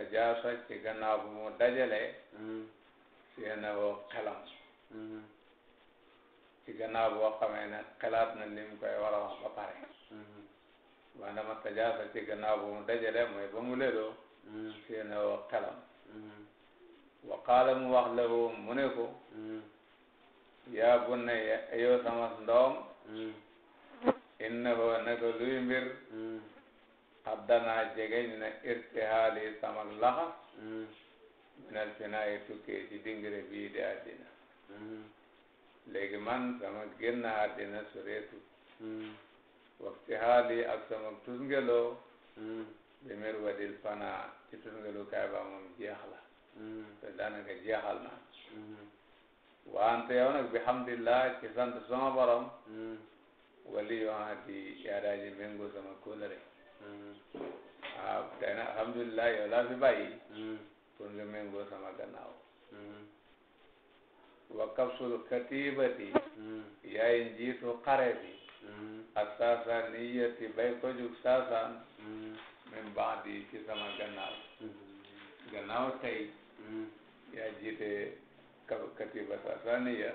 tajaasa ci gannaaw bu mu dajalee mm-hmm. seen woo xelam mm-hmm. ci gannaaw boo xamee ne na lim koy war a wax ba pare mm-hmm. maanaam tajaasa ci gannaaw bu mu dajalee mooy ba mu leloo seen woo xelam wa mu wax la mu ne ko yaa bunayya yow sama ndoom inna hoo naka mbir xaddanaa jegeñ na irtihaali sama laxas minal finaayi tukkee ci dingire bii di àddina léegi man sama génn àddina soreetu waxti haali ak sama tusngeloo bi mir wadil fana ci tusngelu kaay ba moom jeex la hmm. te daanaka jeexal na hmm. waante yow nag bi hamdillah ci sant sama borom hmm. wali di yaadaa ji méngoo sama kóllëre waaw hmm. ah, tey nag alhamdulilah yow laa hmm. fi bàyyi pour nga méngoo sama gannaaw hmm. wa kapsul katibati yaay njiitu xare bi ak saasaan niyati bay ko jug saasaan min baadi ci sama gannaaw gannaaw tey yaa jiite katiba saasaniya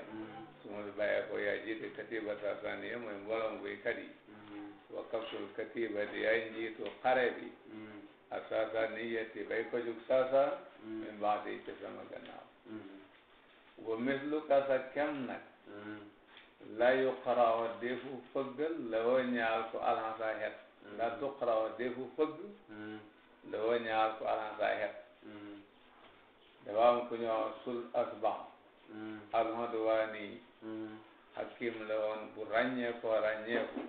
su ma bàyyee ko yaa jiite katiba saasaniya mooy mbooloom buy kat yi waqaftul katiba di ay njiitu xare bi asasa niyati bay ko jug sasa min baadi ci sama gannaaw wa mislu kasa kem nag la yuqarawa defu fëggal la woo ñaal ko alhansa xet la tuqarawa defu fëgg la woo ñaal ko alhansa xet dafa am ku ñëw sul asbax alhadwani hakim la woon bu ràññee ko ràññeeku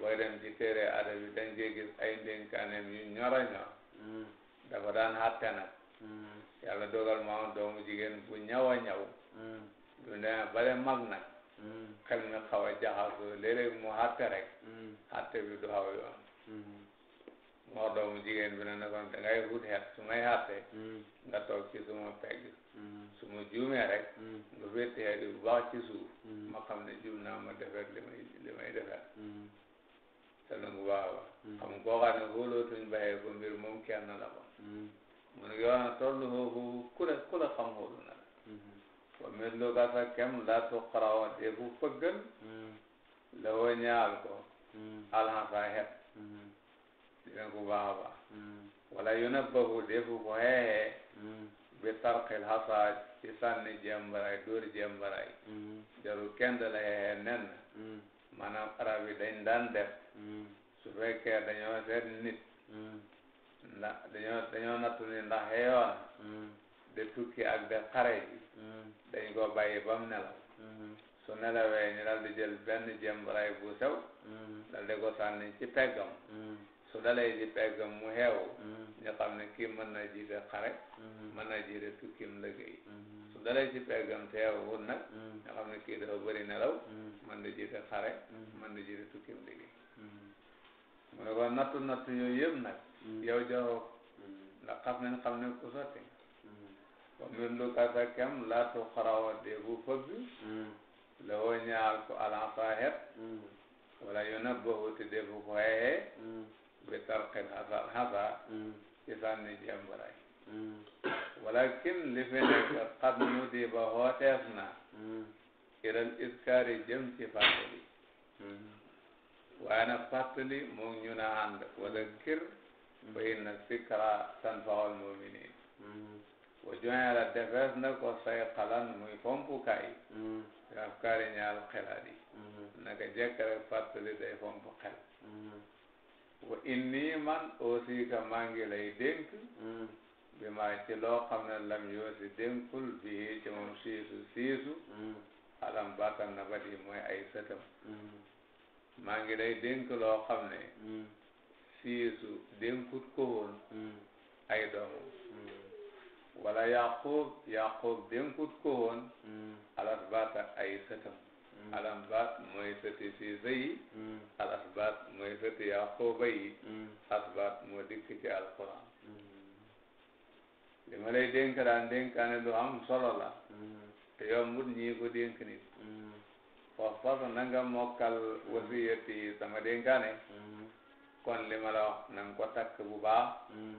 booy dem ci téere adab yi dañ cee gis ay ndénkaaneem yu ñor a ñor mm. dafa daan xàtte nag mm. yàlla dogal ma am doomu jigéen bu ñaw a ñaw du mm. ne bale mag nag xel mi xaw a jaxasoo léeg-léeg mu xàtte rek xàtte bi du xaw yoon moo doomu jigéen bi ne ne kon dangay wut xet su may xàtte nga toog ci suma pegg su ma juumee rek nga fétti xet bu baax ci suuf ma xam ne juum naa ma defet li may li may defet te nu mu baax a baax. xam koo xam ne wóolootuñ bàyyee ko mbir moom kenn la ko. Hmm. mu ne yow na tollu foofu ku la ku la xam wóolu na la. Hmm. wa mel loo ka sa kem laa tu xarawa te bu fëggal. Hmm. la woo ñaal ko. alhamsa xet. dina ko baax a baax. wala yunabbahu defu ko xeexee. bi tarqil xasaaj ci sànni jembaray dóor jembaray. jarul kenn da la xeexee nen. maanaam arab yi dañ daan su fekkee dañoo seet nit ndax dañoo dañoo nattu ni hmm. ndax xeeyoon de tukki ak de xare ji dañ ko bàyyi ba mu nelaw su nelawee ñu dal di jël benn jëm ray bu sew hmm. dal di ko sànni ci peggam hmm. su dalee ci peggam mu xeewu ñu xam ne kii mën na jiite xare mën na jiite tukkim liggéey su dalee ci peggam te xeewul nag ñu xam ne kii dafa bëri nelaw mën na jiite xare mën na jiite tukkim liggéey mu ne ko nattu nattu yooyu yëpp nag mm-hmm. yow jaroo mm-hmm. ndax xam nañ xam ne ku sotti nga mm-hmm. wa min lu kasa kem laa tu xarawa dee bu fëgg la woo ñaal alan saa xet wala yu na boobu te dee bu ko xeexee bi tarqin xasa xasa ci sànni jembaray walakin li fi nekk xat mu di ba xooteef na iral iskaari jëm ci fàttali waaye nag fàttali moom ñu na ànd wala kir bay na sikra tan faxol muminin wa joxe la defees na ko say xalan muy fompukaay afkaari ñaal xelaat yi naka jekk day fomp xel wa inni man aussi ka maa bi maa ci loo xam ne lam yoo si dénkul bii ci moom siisu siisu alam bàttal na ba di mooy ay maa ngi lay dénk loo xam ne siisu hmm. dénkut ko woon hmm. ay doomam hmm. wala yaqub yaqub dénkut ko woon alas baata ay sëtam alam baat mooy sëti siisa yi alas baat mooy sëti yaquba yi alas baat moo dikk ci alquran li ma lay dénk daan dénkaane lu am solo la te yombut ñii ko dénk nit waxfas nanga mokkal wasiyati sama dénkaane mm. kon li ma la wax nanga ko takk bu baax mm.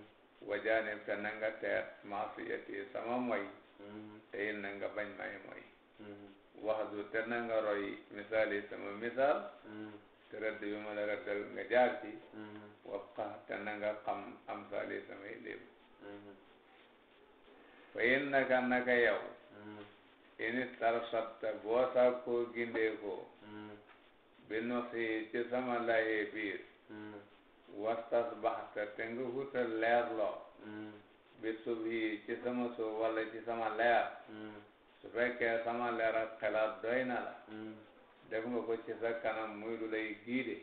wajaanib te nanga teet maasiyati sama moy mm. te it nanga bañ may moy wax du te nanga roy misaali sama misaal te rëdd bi ma la rëddal nga jaar ci wafqa te nanga xam am saali samay léeb fa in naka naka yow init sarsatta boo sàkkoo gindeekoo bi nosi ci sama laye biir wastas baxta te nga hutal leer loo bi sub yi ci sama soo walla ci sama leer su fekkee sama leer ak xelaat doy la def nga ko ci sa kanam muy lu lay giide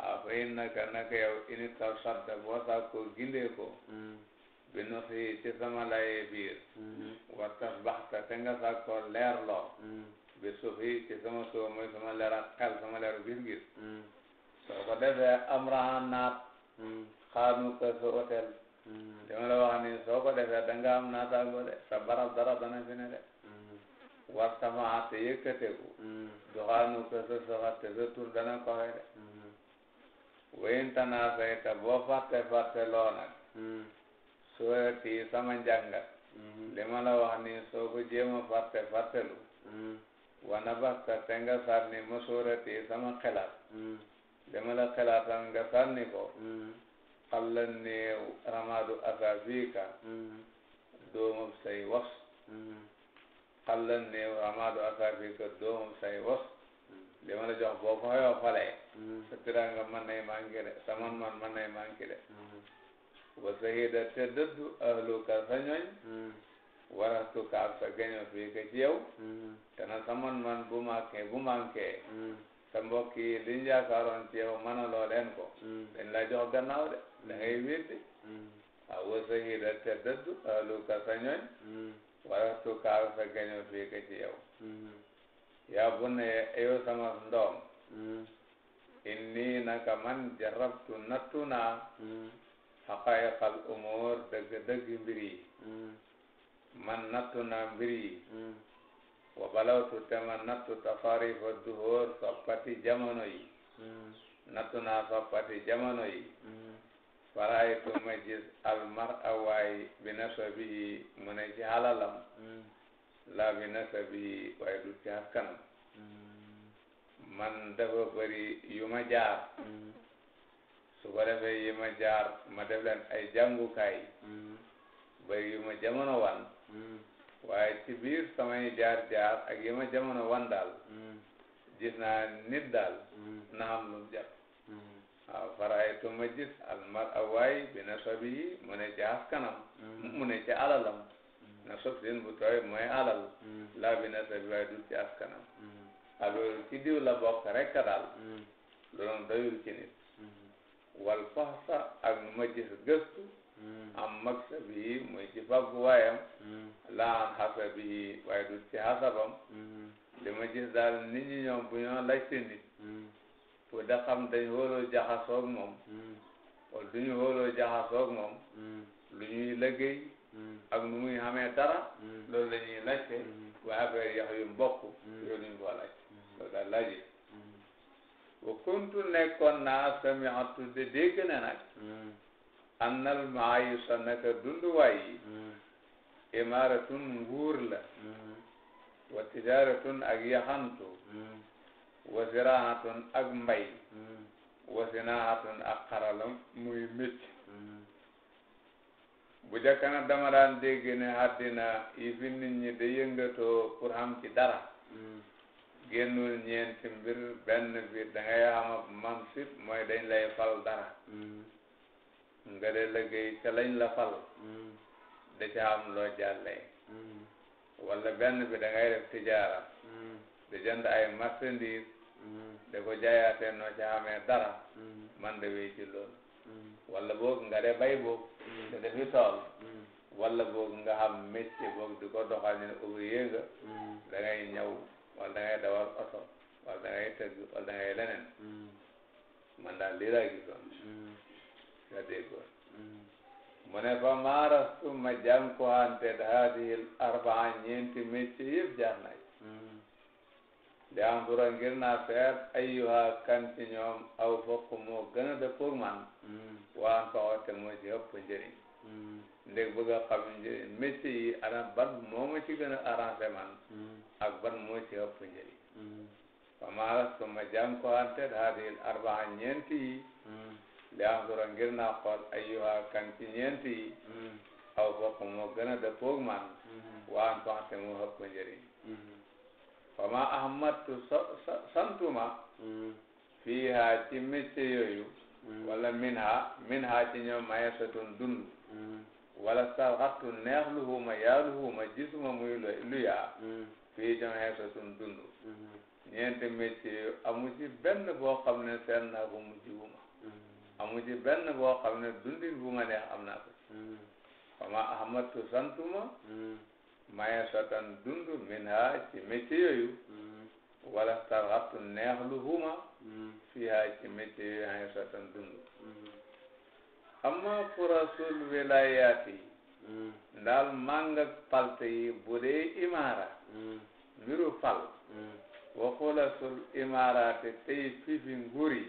a fay naka naka yow init sarsatta boo sàkkoo gindeekoo bi nu xii ci sama laye biir wattas baxta te nga sàkko leer loo bi suuf yi ci sama suuf mooy sama leer ak xel sama leeru gis-gis soo ko defee am raxan naat xaanu ko sa hôtel li ma la wax ni soo ko defee da nga am naataango de sa barab dara dana fi de warta ma te yëkkateku du xaanu ko sa soxat te sa tur dana koxe de wayin tanaa say te boo fàtte fàtte loo nag suurati sama njàngat li ma wax ni soo ko jéema fàtte fàttelu wana basta te nga sànni ma suurati sama xelaat li ma la xelaatal nga ko xallan ni ramadu asabika doomam say was xallan ni ramadu asabika doomam say was li jox boo ko xayoo sa tiranga man nay manqué de sa man man man nay manqué de wa sahida te dëddu ahluka sa ñoñ warastuka ak sa gaño fii ka ci yow te na saman man bu manqué bu manqué sa mbokk yi liñ yaakaaroon ci yow manaloo leen ko dañ la jox gannaaw de da ngay wéddi waaw wa sahida te dëddu ahluka sa ñoñ warastuka ak sa gaño fii ka ci yow yaa bu ne yow sama ndoom inni naka man mm. jarabtu nattu naa xaqaayiqal umoor dëgg dëgg mbir yi hmm. man nattu naa mbir yi hmm. wa balawtu te man nattu tafaarifa duhóor soppati jamono yi hmm. nattu naa soppati jamono yi faraaytu ma gis almar awaay bi nasabihi mu ne ci halalam la bi nasabihi waaye du ci hakkanam man dafa bëri yu ma jaar su ko defee yi ma jaar ma def leen ay jàngukaay mm. yi ma jamono wan mm. waaye ci biir samay jaar jaar ak yi ma jamono wan daal mm. gis naa nit daal na xam lu mu jàpp waaw faraaytu ma gis almar awaay bi na sobi yi mu ne ci askanam mu ne ci alalam na sob seen bu tooy mooy alal laa bi na sobi waaye du ci askanam alors ci diw la bokk rekk daal loolu doyul ci nit wal faxsa ak ma gis gëstu hmm. am maksa bi muy ci faggu waayam hmm. laan xasa bi waaye du hmm. li ma gis daal nit ñi ñoom bu ñoo laajte nit pour da xam dañ hóoloo jaxasoog moom wala du ñu hóoloo jaxasoog moom lu ñuy liggéey ak nu muy xamee dara loolu la ñuy yu mbokk yooyu lu ñu ko laaj loolu daal wa kuntu nekkoon naa sami'tu di dégg ne nag hmm. annal maayusa naka dunduwaay yi hmm. imaaratun la hmm. wa tijaaratun ak yaxantu wa ziraatun ak mbay wa sinaatun ak xarala muy métti bu jëkk nag dama daan yi fi nit ñi yëngatoo pour dara génnul ñeenti mbir benn bi dangay am ab mansib mooy dañ lay fal dara mm. nga de liggéey ca lañ la fal mm. da ca am loo jàllee mm. wala benn bi dangay def tijaara da jënd ay marchandise da ko jaayaatee noo ca amee dara man de wéy ci loolu wala boog nga de bay boog te defi tool wala boog nga xam métier boog di ko doxal ñu ne ouvrier nga dangay ñaw wala da ngay dawal oto wala da ngay tëgg wala da ngay leneen man daal lii laa gisoon nga déggoon mu ne fa maarastu ma jànkuwante haadihil arbaa ñeenti métier yëpp jaar nañ li am bura ngir naa feet ayyuha kan ci ñoom aw fokk moo gën a dëppoog man waan faxote moo ci ëpp njëriñ ndég hmm. bëgg a xam ana ban moo ma ci gën a arrangé man hmm. ak ban moo ci ëpp njëriñ hmm. famaala su ma jàm ko ante haadil arbaa ñeenti yi li ngir naa xool ayyuha kan ci ñeenti yi bokk moo gën a dëppoog man waan faxte moo ëpp njëriñ fama ahmadtu so santuma fii ha ci métier yooyu wala min ha min ha ci ñoom maye sotun dund wala sax waxtu neex lu huma yaa lu huma gisuma muy lu yaa mm-hmm. fii jamee sa sun dund mm-hmm. ñeenti métier amu ci benn boo xam ne seet naa ko mujj wu ma mm-hmm. amu benn boo xam ne dundin bu ma neex am naa ko fama ahmadu santuma maye sotan dund min ha ci métier yooyu wala sax waxtu neex lu huma fii ha ci métier yooyu aye sotan dund amma furasul wilayaat yi hmm. ndaal màng ak yi bu dee imaara hmm. mbiru pal hmm. waxulasul imaaraate tey fifi nguur yi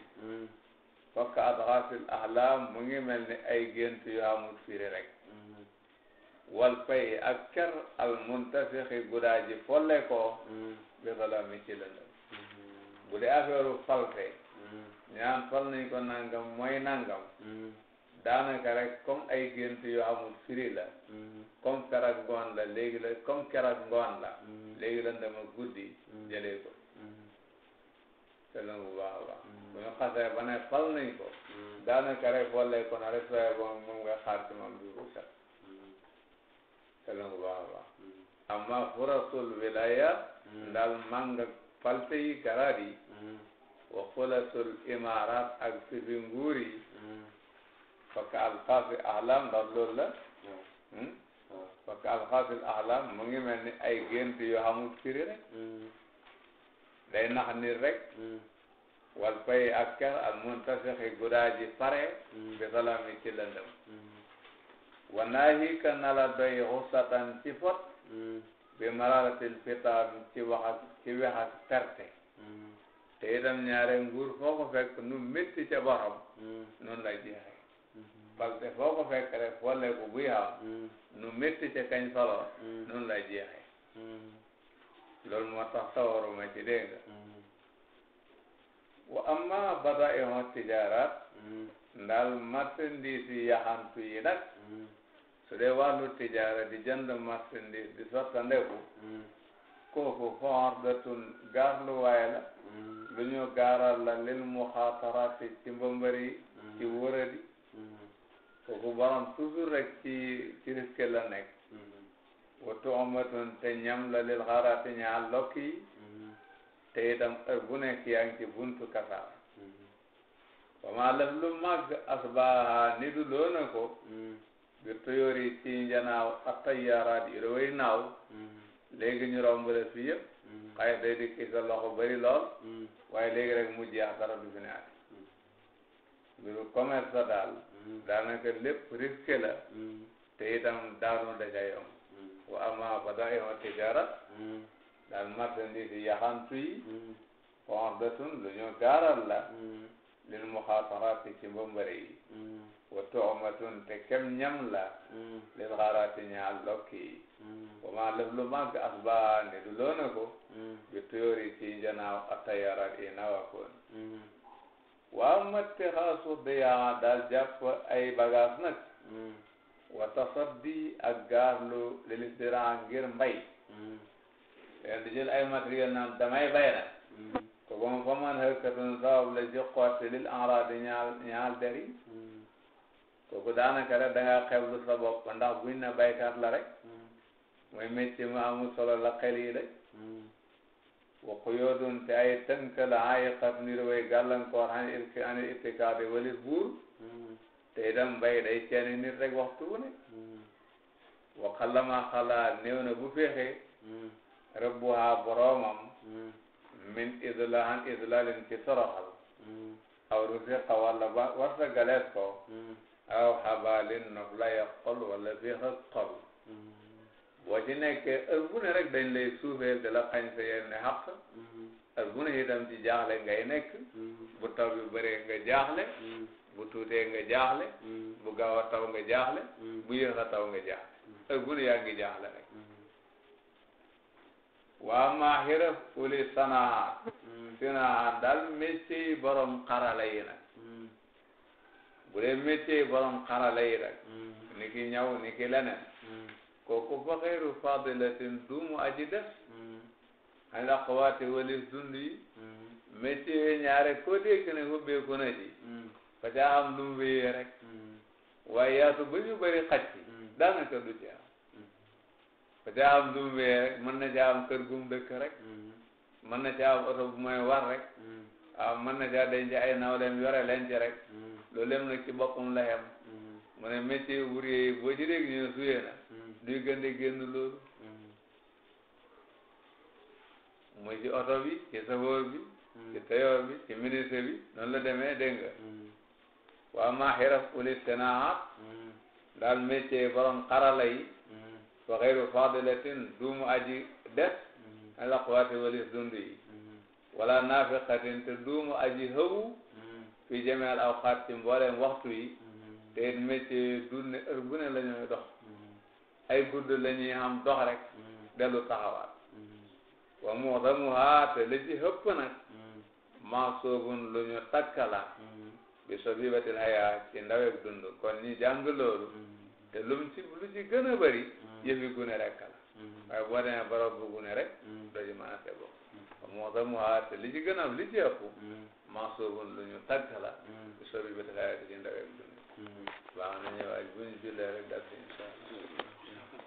fakk adxaasil ahlaam mu ngi mel ni ay gent yu amul firi rek wal pay ak ker al muntafixi gudaa ji folle ko bi xala mi ci bu dee affaire u ñaan fal nañ ko nangam mooy nangam daanaka rek comme ay gént yu amul firi la mm-hmm. comme keroog ngoon la léegi la comme keroog ngoon la mm-hmm. léegi la ndama guddi mm-hmm. jëlee ko te la bu baax a baax bu ñu xasee ba ne fal nañ ko daanaka rek na rek sooy bon moom nga xaar ci moom bi bu set te la bu baax a baax amma ndaal màng falte yi garaat yi wa furasul imaraat ak sibi nguur yi parce que alxaafi ahlam ndax loolu la. parce hmm. hmm? que alxaafi ahlam mu ngi mel ni ay gént yoo xamul firi rek. Hmm. day nax nit rek. wal fay ak ker al muntasixi gudaa ji pare. bi salaami ci lëndëm. wanaahi ka nala doy xusatan ci pot. bi mararatil fitaam ci wax ci wex ak te itam ñaare nguur foo ko nu métti ca borom. noonu la jeexee. parce que foo fekk rek folleeku bu yaaw mm. nu métti ca kañ solo mm. noonu la jeexee mm. loolu moo tax tawaruma ci dégg nga wa amma bada ihon tijaaraat ndaal marchandise yi yaxantu yi nag su dee wàllu tijaara di jënd marchandise di sottandeku kooku fordatun gaarluwaay la lu ñu gaaral la lil muxaataraati ci mbambari ci wëradi kooku borom toujours rek ci ci risque la nekk. Mm-hmm. watu omatun te ñam la lil xaaraati ñaar lokk yi. Mm-hmm. te itam bu nekk yaa ngi ci buntu kasaar. ba mm-hmm. maa lëf lu màgg asbaaha nitu loo na ko. bi toyoori ci njanaaw attayaaraat yi daway naaw. léegi ñu romb la fi yëpp. xay day dikk sa loxo bari lool. waaye léegi rek mu jeex dara du fi ne ati. mbiru commerce daal. daanaka lépp risque la mm. te itam daanu daja yomb mm. wa ama ba da yoon tijara mm. daal marchandise yi yaxantu yi bon de sun lu ñu gaaral la lil muxaataraati ci mbambari yi wa toomatun te kem ñam la lil xaaraati ñaal lokki yi wa maa lëf lu màgg asbaani du loona ko bi tuyoor yi ci njanaaw atayaraat yi nawakoon waa matti xaasu diyaa daal jàpp ay bagaas nag wa tasaddi ak gaaflu lil istira ngir mbay leen di jël ay matériel naan damay bay nag ko bom fa man hëkkatun sabab la ci xotti lil enradi ñaal ñaal deri kooku daanaka rek da ngaa xeblu sa bopp ndax buñ na baykat la rek mooy métier mu amul solo la xel yi rek wa quyudun te ay tënk la ayiqat nir way gàllankoor an ilki an itikaadi walit buur te itam mbay day ceeni nit rek waxtu bu ne wa xalaa néew na bu fexee rabbuha boroomam min idla an idlalin ci toroxal aw rufiqa walla ba warta galees ko aw xabalin nof la yaqol walla fiixa xol boo ci nekkee heure bu ne rek dañ lay suufee de la xañ mm-hmm. ne itam ci jaaxle ngay nekk mm-hmm. bu taw bi nga jaaxle mm-hmm. bu tuutee nga jaaxle bu gaaw a taw nga jaaxle bu yéex a taw nga jaaxle heure bu ne yaa ngi jaaxle rek waa maa xiraf uli sanaa sinaa daal métier yi borom xarala yi nag bu dee métier yi borom xarala yi nag kooku fa xayru fadilatin duumu aji def hmm. an la xawaate walis dund yi hmm. métier ñaare koo dégg ne ubbeeku na ji fa hmm. caa am lu mu wéyee rek waaye yaatu ba ñu bëri xaj ci daanaka du ci am fa caa am lu mu wéyee rek mën na caa am kër gum dëkk rek mën na caa am oto bu may war rek waaw mën na caa denc ay naw leen yore leen ci rek loolu lépp luy gën di génn loolu muy mm-hmm. ci oto bi ci safoor bi mm-hmm. ci tayoor bi ci ministre bi noonu la demee dégg nga mm-hmm. waa maa xiraf uli senaat daal métier borom xarala yi wa xeyru fadilatin duumu aji des ala quwaati walis dund yi wala nafiqatin te duumu aji hëwu fi jamee al awqaat ci mbooleem waxtu yi te it dund bu ne la dox ay gudd la ñuy xam dox rek mm. dellu taxawaat mm. wa muxdamuha te li ci ëpp nag maasubun mm. lu ñu takkala bi sobibatil haya ci ndawek dund kon ñi jàng loolu te lum ci lu ci gën a bëri yëfi gune rek la waaye boo demee barab bu gune rek doo ci mën a tegoo wa muxdamuha te li ci gën a li ci ëpp maasubun lu ñu takkala bi sobibatil haya ci ndawek dund baax na ñëwaay bu ñu jullee rek dal insha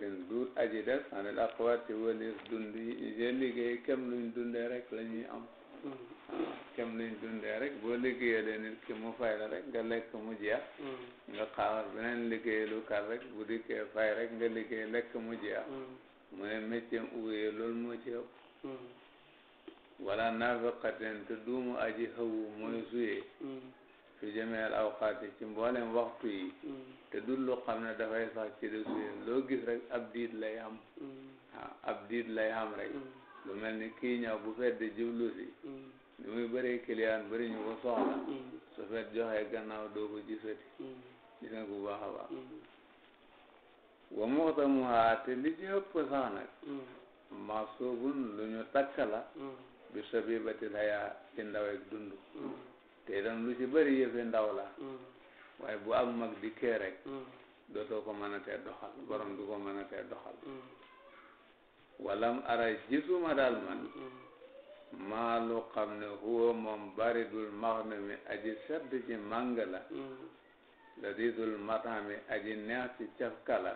tin duur aji def anil aqwaati walis dund yi seen liggéey kem luñ dundee rek la ñuy am kem luñ dundee rek boo liggéeye nit ki mu fay la rek nga lekk mu jeex nga xaar beneen liggéey lu kar rek bu dikkee fay rek nga liggéey lekk mu jeex mu ne métier ouvrier loolu moo ci ëpp wala naafaqatin te duumu aji xawu mooy suyee fi jameel awqaati ci mboolem waxtu yi mm. te dul lu xam ne dafay sax ci def loo gis rek ab diit lay am mm. ab diit lay am rek mm. lu mel ni kii ñëw bu fet di jublu si ni muy bëree kiliyaan bëri ñu ko soxla su fet joxee gannaaw doo ko gisati gis nga bu baax a baax wa muxtamuhaa te li ci ëpp sax nag masubun lu ñu takk la bi sabibatil hayaa ci ndaw dund te itam lu ci bëri yëfe ndaw la mm. waaye bu am mag dikkee rek mm. dootoo ko mën a tee doxal borom du ko mën a tee doxal mm. walam ara gisuma daal man maa lu xam ne huwa moom baridul maxne mi aji sedd ci màng la ladidul matan mi aji neex ci cafka la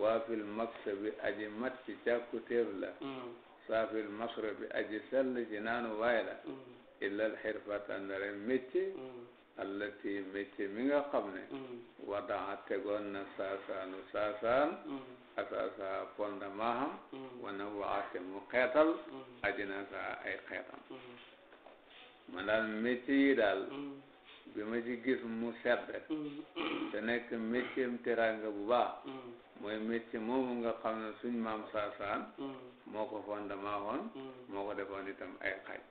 waafil maktabi aji mat ci càkkutéef la saafil masra bi aji sell ci naanu waay la illal xirfata ndare métier mm. allati métier mi nga xam ne mm. wadaa tegoon na saasaanu saasaan mm. asaasa fondement xam wana waxate mu xeetal ajina sa ay xeetam man daal métier yi daal bi ma ci gis mu sedd te nekk métier am teranga bu baax mooy métier moomu nga xam ne suñ maam saasaan moo ko fondement moo ko defoon itam ay xaj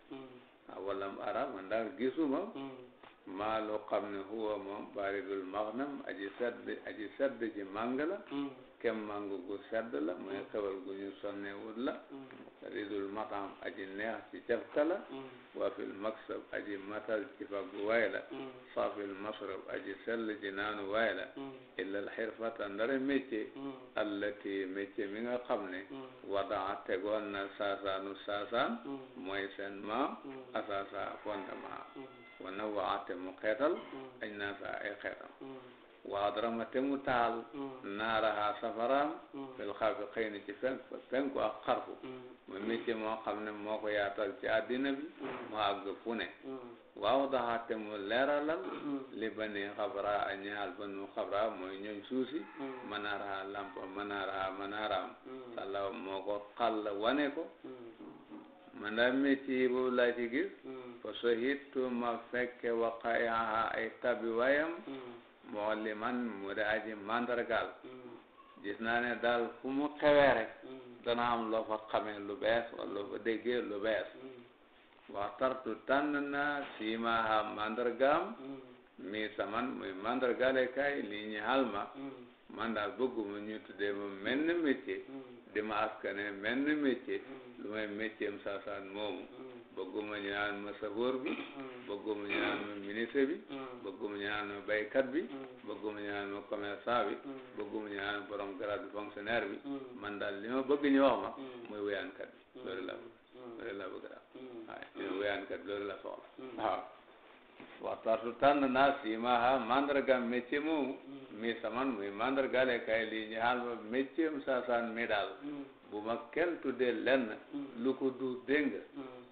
walam ara man daal gisuma hmm. maa loo xam ne huwa moom baaridul maghnam aji sedd aji sedd ji màng la hmm. kem mangu gu sedd la mooy xewal gu ñu sonnewut la mm. ridul matam aji neex ci cafka la mm. waafil maksab aji matal ci faggu waay la saafil mm. masrab aji sell ji naanu waay la illal xirfata ndare métier allati métier mi nga xam ne wadaa tegoon na saasaanu saasaan mooy seen maam asaasa fondement wana waate mu xeetal añ naa sa ay xeetam waaw dara ma temu taal. Mm. naaraha safaraam. Mm. fil xarfi xëy na ci penk penku ak xarfu. Mm. mu métier moo xam ne moo ko yaatal ci àddina bi. mu àgg fu ne. waaw daxa temu leeralal. li ba ni xabra a ñaal ba nu xabra mooy ñooñ suusi. manaaraha lampa manaaraha manaaraam. sàllaw moo ko xàll wane ko. man daa métier boobu laa ci gis. fa sohittu ma fekke waqaiha ay tabi waayam. mualliman mu di aji mandargaal hmm. gis naa ne daal fu mu xewee rek hmm. dana am loo fa xamee lu bees wala loo fa déggee lu bees hmm. waxtartu tànn naa fii ma ha mandargaam sa man muy mandargaale kaay lii ñu hal man daal bëgguma ñu tuddee ma menn métier di ma askane menn métier lu may métier saasaan moomu bëgguma ñu ma safoor bi mm. bëgguma ñu ma ministre bi mm. bëgguma ñu ma baykat bi mm. bëgguma ñu ma commerçant bi bëgguma ñu borom grade fonctionnaire bi man daal li ma bëgg ñu wax ma mooy wéyaankat bi loolu la loolu la bëgg daal waaw wéyaankat bi loolu la soxla waaw waxtaatu tànn naa siimaha mandargam métier moomu mi saman muy mandargale kay lii ñu xaal ma métier saasaan mi daal bu ma kenn tuddee lenn lu ko du dénga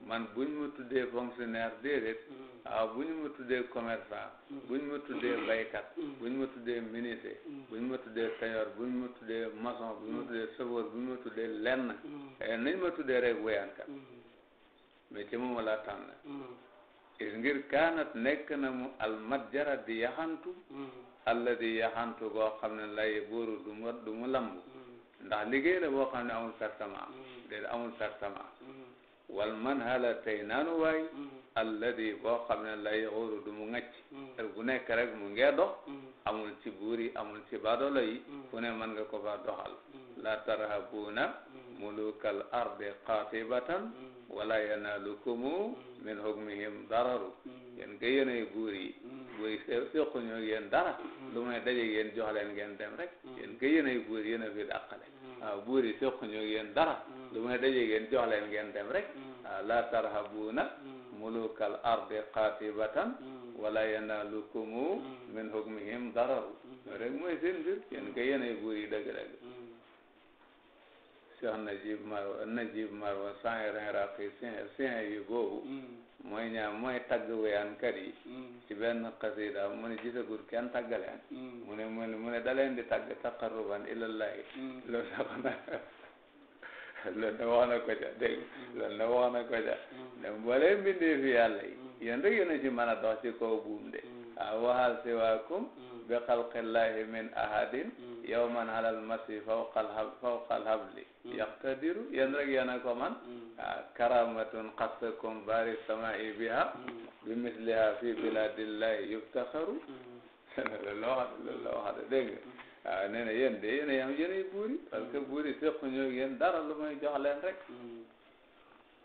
man buñ ma tuddee fonctionnaire déedéet mm. ah buñ ma tuddee commerçant mm. buñ ma tuddee mm. baykat buñ ma tuddee ministre buñ ma tuddee tailleur buñ ma tuddee maçon buñ ma tuddee chauffeur buñ ma tuddee lenn eh, nañ ma tuddee rek woyankat mais ci moom laa tànn is ngir kaanat nekk na mu almatjara di yaxantu alla di yaxantu koo xam ne lay bóoru du mu lamb ndax liggéey la boo xam ne amul sartament déedéet amul sartament wal man hala tey naanu waay mm. alladi boo xam ne lay xóoru du mu ŋacc heure mm. bu nekk rek mu ngee mm. amul ci buur yi amul ci baadolo yi fu mën nga ko fa la tarhabuna mulukal ardi qatibatan wala yanaalukumu min hukmihim dararu mm. yéen kay yéenay buur yi mm. buur yi dara mm. lu may daje yéen jox leen ngeen dem rek yéen kay yéenay yéen a fi dàqale waaw buur yi sequñu ak yéen dara lu may daje jox leen ngeen dem rek waaw la tarhabuna mulukal ardi qatibatan wala yanaalukumu min hukmihim dararu rek mooy seen mbir yéen kay yéenay buur yi dëgg Cheikh Najib Marwa Najib Marwa sànq iraqi sànq yu boobu. Mm. mooy ñaar mooy tagg weyaankat yi. Mm. ci benn xasida mu ne gisagul kenn taggaleen. Mm. mu ne mu ne mu ne da leen di tagg taqarruban ilallahi. loolu da wax na loolu da wax na ko ca dégg loolu da wax na ko ca. ne mbooleem bindee fi yàlla yi. yéen rek yéen a ci mën a dox ci kaw buum de. ah waxal si waakum. bi xalqillahi min ahadin mm. yawman alal masi fawqal hab habli mm. yaqtadiru yéen rek yéen a ko man mm. ah, karamatun xassakum bari samai biha bi misliha fi biladillahi yuftaxaru loolu la wax loolu la wax dégg nga waaw ah, nee de yéen a yam yéen ay buuri parce que dara lu may jox rek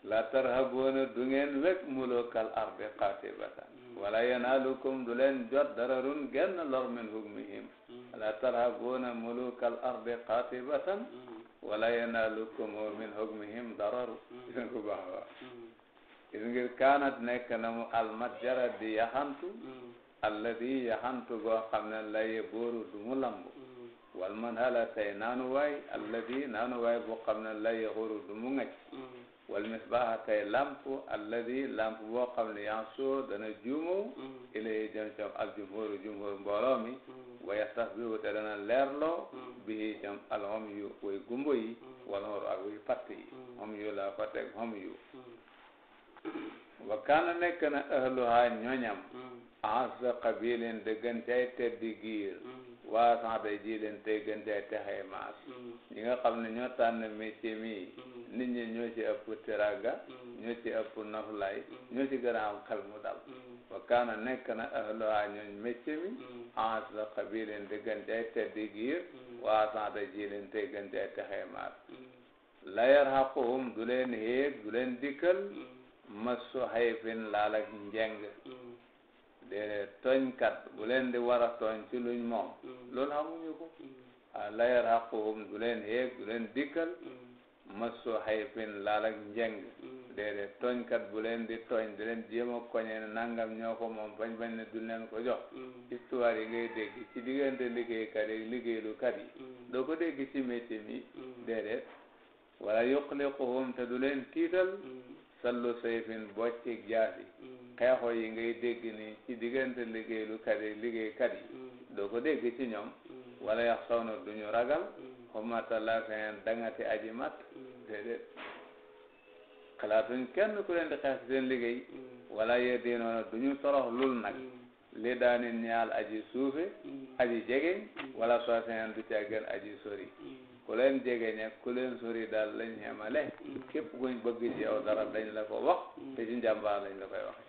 la tarhabuuna du ngeen wekk mulukal ardi qatibatan wala yanalukum du leen jot dararun genn lor min hukmihim hmm. ala tarhabuna mulukal ardi qatibatan hmm. wala yanalukum min hukmihim dararu hmm. gis ko baax baax kaanat nekk na mu almatjara di yaxantu alladi yaxantu goo xam nan laye bóoru du mu lamb man hala tey naanu waay xam ne du mu wal misbaaxa tey lamp alladi lamp boo xam ne yan soo dana juumoo ilay jëm cam al jumhuru jumhur mbooloo mi waya sax te dana leerloo bii jëm al hom yu way gumbo yi wala hor ak way fatt yi hom yu laa ko teg hom yu wa nekk na ahluha ñoñam ansa qabilin dëggan cay teddi giir waa sant tey jii leen tey gën jaay texee maas mm-hmm. ñi nga xam ne ñoo tànn métier mii mm-hmm. nit ñi ñoo ci ëpp teraanga mm-hmm. ñoo ci ëpp noflaay ñoo ci gën a am xel mu dal wa kaana nekk na ahluha ñooñ métier mi ans la xabii leen di gën jaay teddi giir waa sant tey jii leen tey gën jaay texee maas la yarhaquhum du leen héeg du leen dikkal masu xayfin laal ak njeng déedéet toñkat bu leen di war a ci luñ moom mm. loolu amuñu ko mm. ah la yarhaquhum du leen yeeg du leen dikkal mm. masu xayfin laal ak njeng déedéet tooñkat bu leen di toñ di leen jéem a koñe nangam ñoo ko moom bañ bañ ne du leen ko jox histoire yi ngay dégg ci diggante liggéeykat yi liggéeylukat yi doo ko dégg ci métier mi déedéet wala yuqliquhum te du leen tiital sallu sayfin boccik jaasi mm. xeexoo yi ngay dégg ni ci diggante liggéeylukat yi liggéeykat yi mm. doo ko dégg ci ñoom mm. wala yax saw na duñu ragal xomata la feneen dangati aji mat déedéet xalaatuñ kenn ku leen xeex ci seen liggéey wala yee diinoona duñu torox lul nag li daanin ñaal aji suufe aji jegeñ wala soo feneen du ca gën aji sori ku leen jege ña ku leen sori daal lañ xemale képp kuñ bëgg ci yow dara dañ la ko wax te ci njàmbaar lañ la koy waxe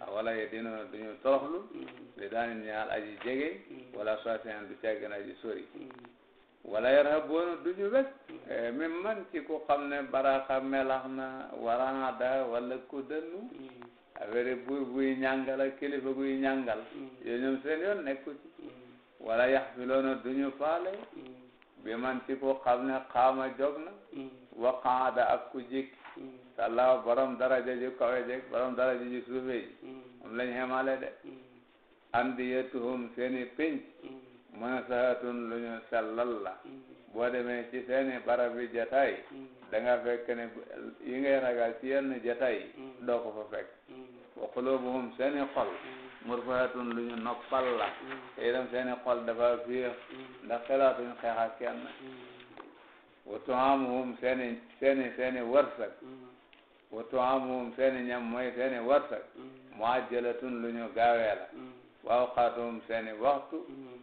a ah, wala ye dinoona duñu toroxlu li daan ñaal aji jege wala soiten du càggin aji sori wala yarhaboona duñu wek eh, même man ci ku xam ne baraka melax na waraada wala ku dënnu affaire buur buy ñàngal ak kilifa guy ñàngal yooyu ñoom seen yoon nekku ci wala yax filoona duñu faale bi man ci ko xam ne xaama jóg na mm. wa qaada ak ku jik mm. sàllaaw borom daraja ji kawe jeg borom daraja ji suufe ji mm. moom lañ xemale de andiyatuhum seeni pénc munasahatun lu ñu sellal la boo demee ci seeni barabi jataay da fekk ne yi ngay ragal ci yenn jataay doo ko fa fekk wa qulubuhum seeni xol murfahatun lu ñu noppal la te itam seeni xol dafa fiix ndax xelaatuñ xeex ak kenn wa tuamuhum seeni seeni seeni wërsëg wa tuamuhum seeni ñam mooy seeni wërsëg muajjalatun lu ñu gaawee la wa seeni waxtu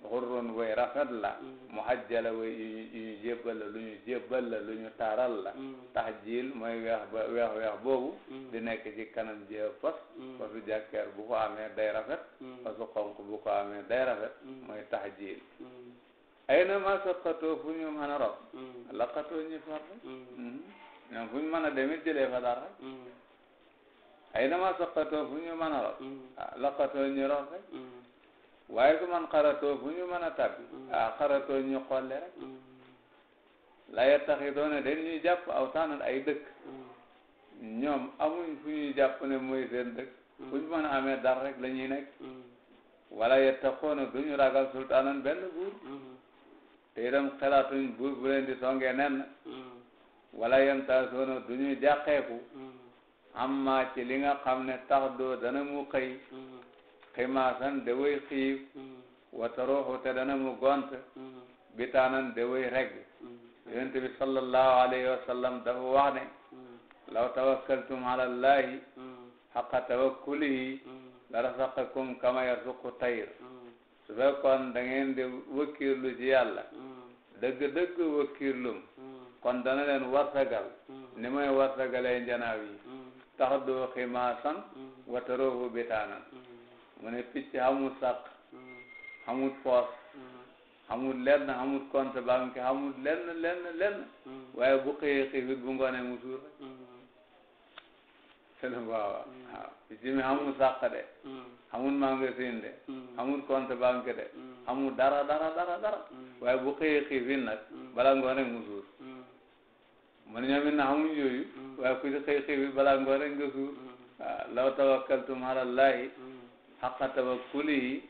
xurrun way rafet la muhajjala way yu ñu lu ñu jébbal la lu ñu taaral la tahjil mooy weex ba weex boobu di nekk ci kanam ji fas fasu jàkkeer bu ko amee day rafet fasu xonq bu ko amee day rafet mooy tahjil ay na ma saqatoo fu ñu mën a rob laqatoo ñu far ñoom fu ñu mën a demit jëlee fa dara ay na ma saqatoo fu ñu mën a rob laqatoo ñu rob rek waaye su man xaratoo fu ñu mën a tabbi a xarato ñu xolle rek la yettaxidoona den ñuy jàpp aw taanan ay dëkk ñoom amuñ fu ñuy jàpp ne mooy seen dëkk fu ñu mën a amee dara rek la ñuy nekk wala yettaxoona duñu ragal sultaanan benn buur te itam xalaatuñ buur bu leen di hmm. wala yem taa soona du ci li nga xam ne tax doo dana mu xëy hmm. ximaasan da way hmm. te dana gont bitaanan da way regg bi sallallahu alayhi wa sallam dafa law tawakkaltum ala llahi xaqa la rasaqakum kama yarzuqu tayr su fekkoon da ngeen di wëkkiirlu ci yàlla mm. dëgg-dëgg wëkkiirlum mm. kon dana leen wartagal mm. ni may wartagalee njanaaw yi tax doo ximaasan wataroofu bitaanan mu ne picc xamul sàq xamul poos xamul lenn xamul compte banque xamul lenn lenn lenn waaye bu xëyee xiifit bu ngoonee mu suur waaw waaw bisimilah xamul sàq de. xamul hmm. magasin de. xamul hmm. compte banque de. xamul hmm. dara dara dara dara. waaye bu xëyee xiifin nag. balaa ngoon rek mu suur. man ñoom na xamul yooyu. waaye ku ci xëy xiifin balaa ngoon rek nga suur. waaw law tawakkaltum ala llahi xaqa tawakkulihi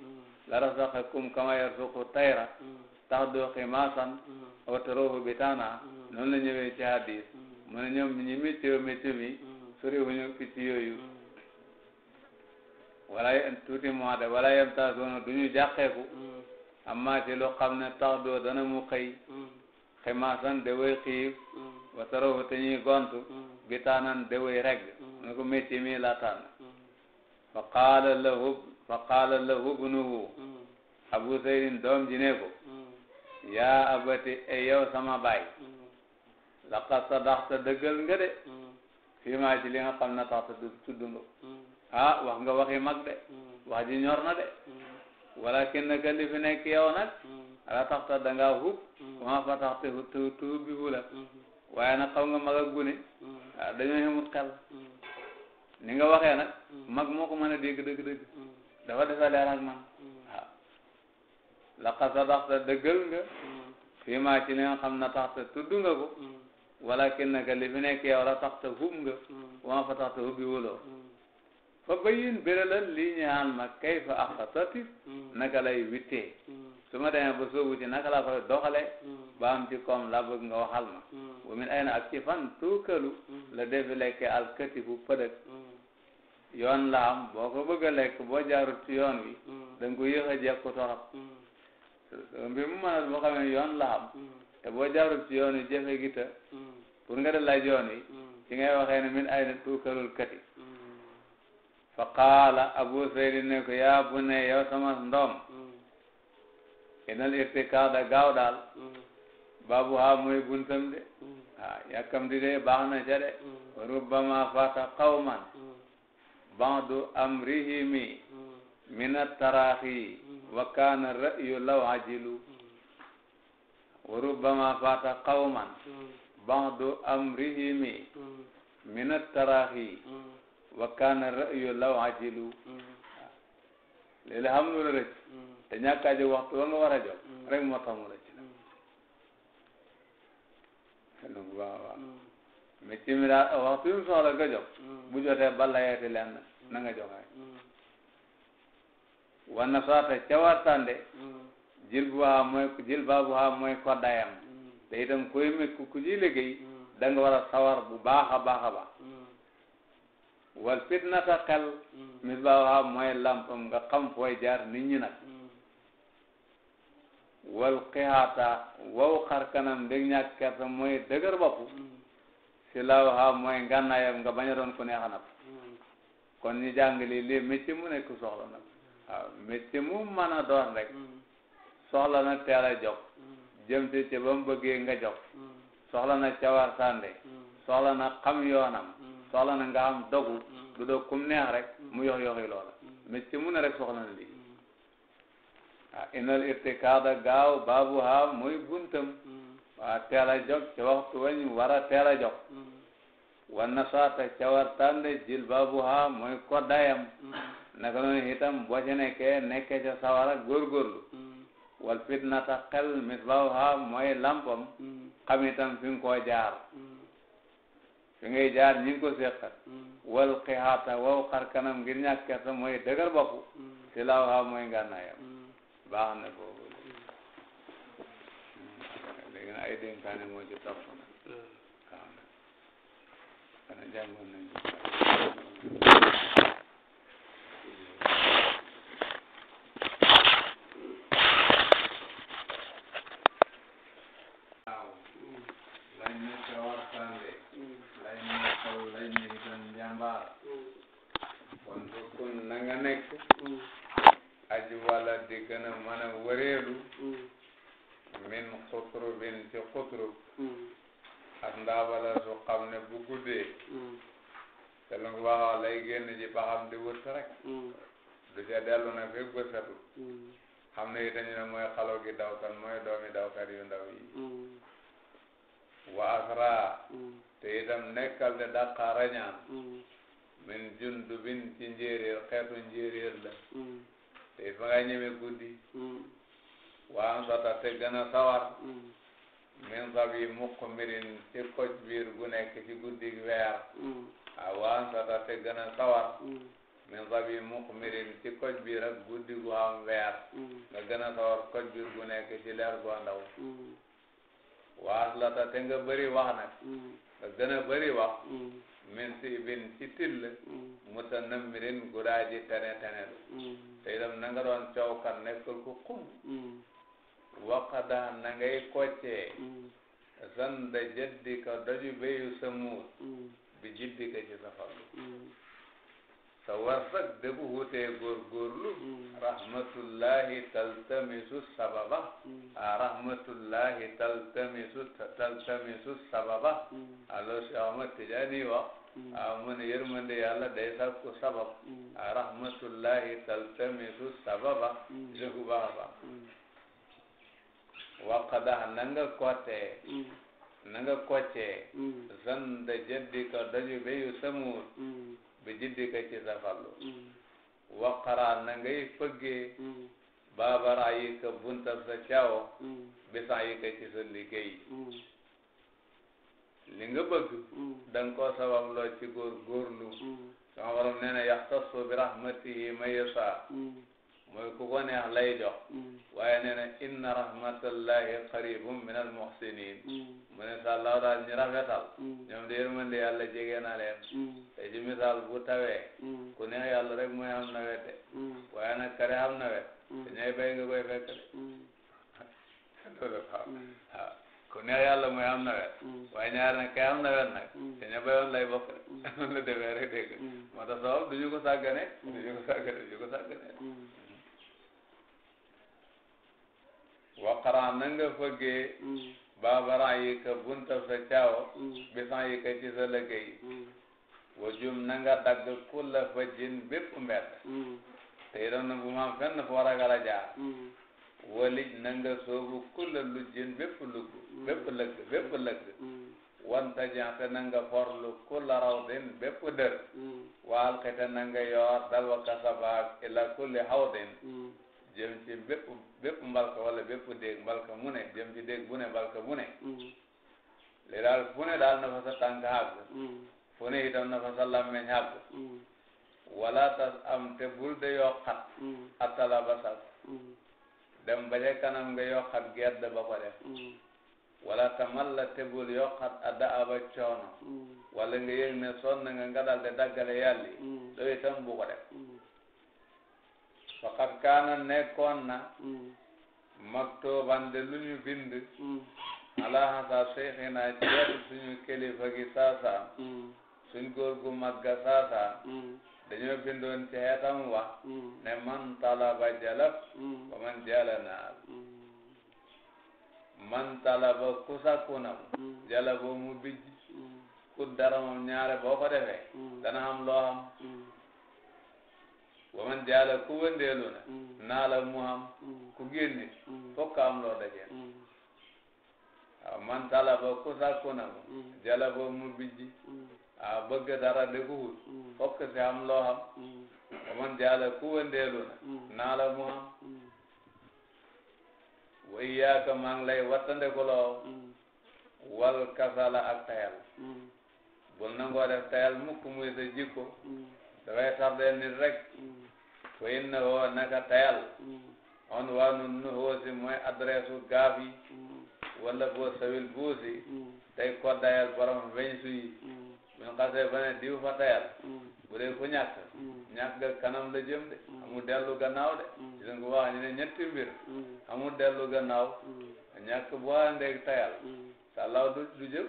la razaqakum kama yarzuqu tayra. taxdu ximaasan aw taruhu bitaana. noonu la ñëwee ci hadis. man ñoom ñi météo météo mi. sori wuñu picc yooyu wala tuuti moo de wala yem taa soona du ñu jàqeeku amma lu xam ne tax doo dana mu xëy ximaasan de xiif wa sarofu te ñuy gontu bi taanan de way ko métier mi laa tànn fa qaala lahu fa qaala abu saydin doom ji ne ko yaa abati e yow sama baay laqad sadaxta dëggal nga de fii ci li nga xam ne tax du tudd nga ah wax nga waxi mag de hmm. wax ji ñor na de hmm. walakin naka li fi nekk yow nag hmm. ala tax ta dangaa hub comment fa tax te hub te hub bi waaye na xaw nga mag ak gune ah dañoo xamut xel ni nga waxee nag mag moo ko mën a dégg dëgg dëgg dafa defa leer ak man waaw ah. laqad sadaqta dëggal nga fii ci li nga xam ne tax te tudd nga ko walakin naka a fi nekk yow la tax te hub nga wama fa tax te hubbi wuloo fa bayin béralal lii ñaal ma kay fa axtatif naka lay wittee su ma demee ba soobu ci naka laa koy doxale ba am ci koom laa bëgg nga waxal ma wa min ay na ak ci fan tuukalu la defi lekke alkatifu pëdëk yoon la am boo ko bëgg lekk boo jaarut ci yoon wi da nga ko yéex a jekku torop mu mën a boo xamee yoon la te boo jaarul ci yoon jafe gi ta nga dal laaj ci ngay waxee ne min ayna tuukalul kati fa qaala abu saydi ne ko yaa bu ne yow sama ndoom inal irtikaada gaaw daal baabu haa mooy buntam de ah yàkkamti de baax na ca de rubbama fata qawman ba'du amrihimi min attaraxi wa kaana ra'yu law ajilu ma rubbama faata qawman ba'du amrihimi min at-tarahi wa kaana ra'yu law ajilu léeg-léeg xam lu la rëcc te ñàkk a jóg waxtu wa nga war a jóg rek moo mu rëcc la bu baax a baax mais ci mi daal waxtu yu soxla nga jóg bu jotee bala yeeti lenn na nga jóg rek wana saata ca wartande jilbaha mooy jilbaabuha mooy koddaayam day mm. itam koy met ku ku ci liggéey mm. da nga war a sawar bu baax a baax a baax mm. wal fitnata xel misbaabuha mooy lampam nga xam fooy jaar ni ñi nag wal xihaata wow xar kanam ndég ñàkk kerta mooy dëgër bopp si laawaha mooy ngànnaayam nga bañ doon ku neexanab kon ñu jàng lii lii métier mu nekk soxla nag waaw mu mën a rek soxla na teel a jóg mm. jëm ci ca ba mu bëggee nga jóg mm. soxla na cawar sànde mm. soxla na xam yoonam soxla na nga am dogu du doog kum neex rek mu yox yoxi loola mais mu na rek soxla na lii ah inal irtikaada gaaw baabu haa muy buntam waa teel a jóg ca waxtu wañ war a teel a saata cawar tànde jil baabu haa muy koddayam naka noonu itam boo ca nekkee nekkee ca sawara góorgóorlu wal fitnata xel mislawha mooy lampam mm. xam itam fi jaar mm. fi ngay jaar ñi ngi ko séqal mm. wal xihaata waw xar kanam ngir ñàkk kersa mooy dëgër bopp si lawha mooy ngànnaayam baax na boobu léegi nag ay dénkaane moo ci topp nag waaw kana jàngoon nañ ne dañu ne mooy xalo gi dawkat mooy doomi dawkat yu ndaw yi mm. wa asra mm. te itam nekkal de dàqa rañaan mm. min jundubin ci njéeréer xeetu njéeréer la te it ma nga ñeme guddi wa ansata te gën a sawar min sabi muqmirin ci koj biir gu nekk ci guddi weer a wa te gën sawar min babi muxmirin ci koj biir ak guddi gu am weer mm. nga gën a sawar koj biir gu ci leer gu ndaw mm. la ta te nga bëri wax nag mm. nga gën a bëri wax min si bin ci till muta nammirin guraaji tene tene lu te itam na nga doon coow kan nekkal ku xum waqadaa na ngay koccee zanda jëddi ka doju béyu sa muut bi jiddi ka ci sa farlu sa warsak de bu wutee góorgóorlu rahmatullahi taltamisu sababa rahmatullahi taltamisu taltamisu sababa alo Cheikh Ahmad Tijaani wax mu ne yërmande yàlla day sàkku sabab rahmatullahi taltamisu sababa jëgu baax a baax waqadax na nga kottee na nga koccee zanda jaddika bi jiddika ci sa farlu mm. waqaraa na ngay fëggee mm. baabaraa yi ka buntab sa caawo mm. yi ka ci sa liggéey li nga bëgg da nga loo ci góor góorlu sama borom nee na yaxtasu bi rahmatihi ma yasa mooy ku ko neex lay jox mm. waaye nee na inna rahmatallahi qaribum min al muhsinin mm. mu ne sàllaaw daal ñu rafetal mm. ñoom de yërmande yàlla jege na leen te ci misaal bu tawee ku neex yàlla rek mooy am nawet de waaye nag kare am nawet te ñay bay nga koy fekk de loolu waaw waaw ku neex yàlla mooy am nawet waaye ñaar nag kay am nawet nag te ña bayoon lay bokk rek noonu la demee rek dégg moo ñu ko sàggane du ñu ko sàggane du waqaraa na nga fëggee mm. baabaran yi ka bunta sa caawa mm. bisan yi ka ci sa mm. wajum na nga dagg kulla fa jin bépp mbedd te itam na bu ma fenn foo ragal a jaar walij na nga soobu kulla lu jin bépp lugg bépp lëgg bépp lëgg wanta jante na nga forlu kulla rawdin bépp dër waal xite na nga yoor dal wa kasabaak ila kulli hawdin jëm ci bépp bépp mbalka wala bépp déeg mbalka mu ne jëm ci déeg bu ne mbalka bu ne mm. li daal fu ne daal na fa sa tànk xàgg mm. fu ne na fa sa làmmeñ mm. wala tas am te de yoo xat attala ba dem ba ca kanam nga yoo xat gedd ba ko def wala tamal la tegul yokkat adda aba coono wala nga yëg ne sonn nga nga dal de daggale yàlli loolu itam bu ko def faqad kaana nekkoon na mm. maktuban de lu ñu bind mm. ala hasa seyxina jeetu suñu kilifa gi saasa mm. suñ góor gu magga saasa dañoo bindoon ci xeetam wax ne man talaba jalab wa man jala naal man talaba kusakunam jalabo mu bij ku dara moom ñaare boo ko defee dana am loo xam wa man jaala ku wëndeelu na naa la mu am ku génne fokk am loo dajeel waaw man talaba ku sàkku na ko jala ba mu bijji waaw bëgg dara de wut fokk si am loo am wa man jaala ku wëndeelu na naa la mu am wa iyaaka maa ngi lay wattande ko loo wal kasala ak tayal bul nangoo def tayal mukk muy sa jikko dafay tardeel nit rek fa inna hoo naka tayal hmm. on waa nun nu hoo si mooy adresse u gaaf yi walla boo sawil buusi tey koddayal borom weñ suyi min xasee ba ne diw fa tayal bu dee ku ñàkk ga kanam la jëm de hmm. amul dellu gannaaw de hmm. ci dañ ko wax ñu ne ñetti mbir dellu gannaaw ñàkk bu waa ndeeg tayal sàllaaw du du jëm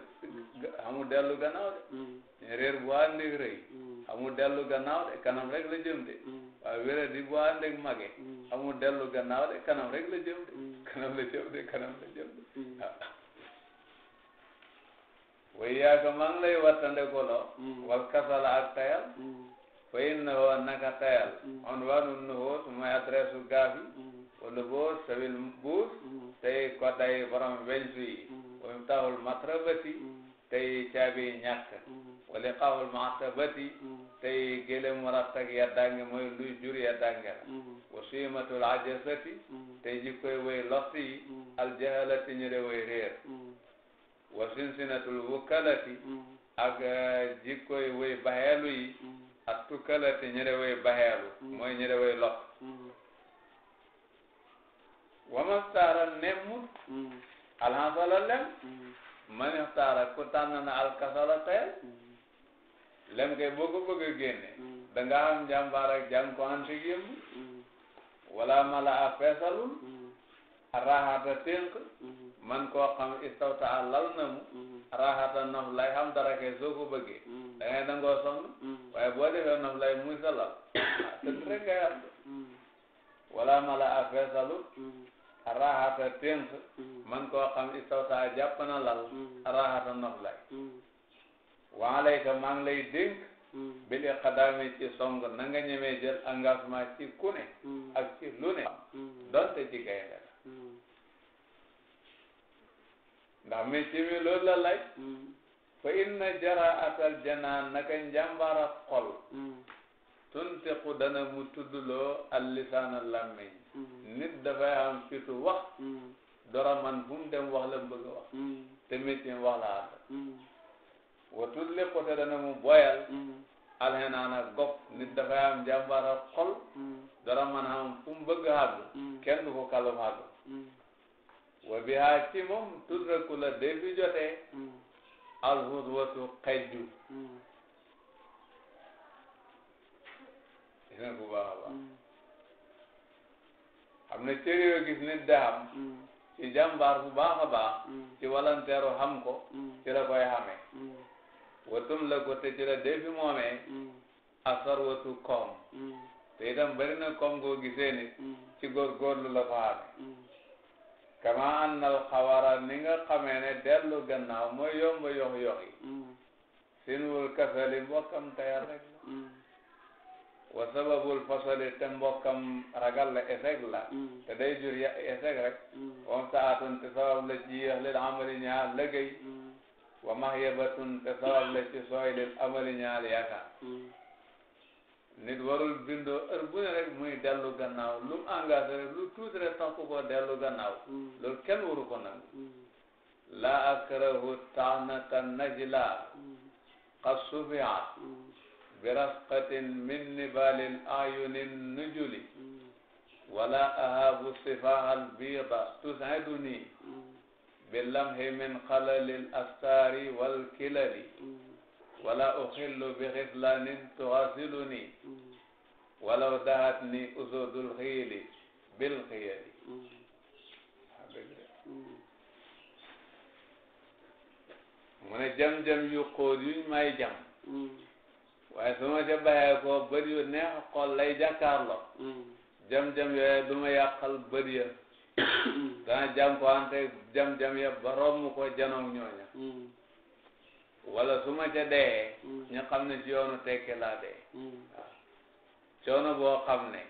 amul dellu gannaaw de mm. réer bu àndeeg rëy mm. amul dellu gannaaw de kanam rek la jëm de mm. di bu àndeeg mage amul dellu gannaaw de kanam rek la jëm kanam la jëm kanam la jëm de ah. way yaaka maa ngi lay wattande ko lo wal kasala ak tayal fa inna ho naka tayal on wanun nu ho sumay adresse u gaafi wala boo sawil buus tey ko day borom weñ suyi wa miftaaxul matrabati tey caabi ñàkk wala xawul maxtabati tey gélém rattak yaddange mooy luy jur yaddange la wa siimatul ajasati tey jikkoy way lotti yi aljahalati ñu way réer wa sinsinatul wukalati ak jikkoy way baxeelu yi ak tukkalati ñu way baxeelu mooy ñu way lott wa mastaara nemmut alhansala lem man ixtaara ku tànn na alkasala lem kay boo ko bëgg a génne da nga am njàmbaar ak jàng ko ante yëmb wala man koo xam istawta a lal na mu raxata nof lay xam dara kay soo ko bëggee da ngay nangoo sonn waaye boo defee nof lay muy raxata tënk mm. man koo xam istawta jàpp na lal mm. raxata noflay waa lay te maa ngi lay dénk mm. bil iqdaami ci song na nga ñemee jël engagement ci ku ne ak ci lu ne donte ci gaynde la ndax métier mi loolu la lay fa inna jaraatal janaan naka njàmbara xol tuntiqu dana mu tuddloo al lisaana làmmiñ Mm. nit dafay am fitu wax mm. dora man wax la mm. mu wax te wax la ànd watul lépp te dana mu boyal alxenaana gopp nit dafay am jàmbaara xol dora man am fu mu bëgg àgg kenn du ko kalum àgg wa bi haa ci moom tudraku la dee bi jotee alxudwatu xejju dina ko baax a baax am na cër yoo gis nit da ci jàmbaar bu baax a baax ci walanteeru xam ko ci la koy xamee watum la ko te ci la defi moomee asar watu koom te itam bari na koom goo gisee nit ci góorgóorlu la ko xamee kama annal xawara ni nga xamee ne mooy yomba yox yoxi sin wul kasali mbokkam tayar rek wa sababul fasali te mbokkam ragal la échec mm. te day jur ya échec rek. Mm. wa saatun te sabab la ci yéex lil amali ñaar lëggéey. Mm. wa mahyabatun te sabab la ci sooy lil amali ñaar yaakaar. nit warul bindoo heure bu ne rek muy dellu gannaaw lu mu engagé rek lu tuuti rek tax ko dellu gannaaw. loolu kenn waru ko nangu. la akrahu taanata najla. qad sufiat. birafqatin min nibalin ayunin nujuli wala ahabu sifaha albida tusiduni billamhi min xalalil astari walkilali wala uxillu bixiflanin tuxasiluni walaw dahatni usudul xiili bilxiyali mu ne jam-jam yu xóot yuñ may jam waaye su ma ca bàyyee koo bëri yu neex lay jàkkaarloo mm. jam-jam yooye du ma yàqal bëri ya dana jam ko ante jam-jam ya ba romb ko janoog mm. wala su ma ca dee mm. ne ci yoonu tekki laa dee waaw coono boo xam ne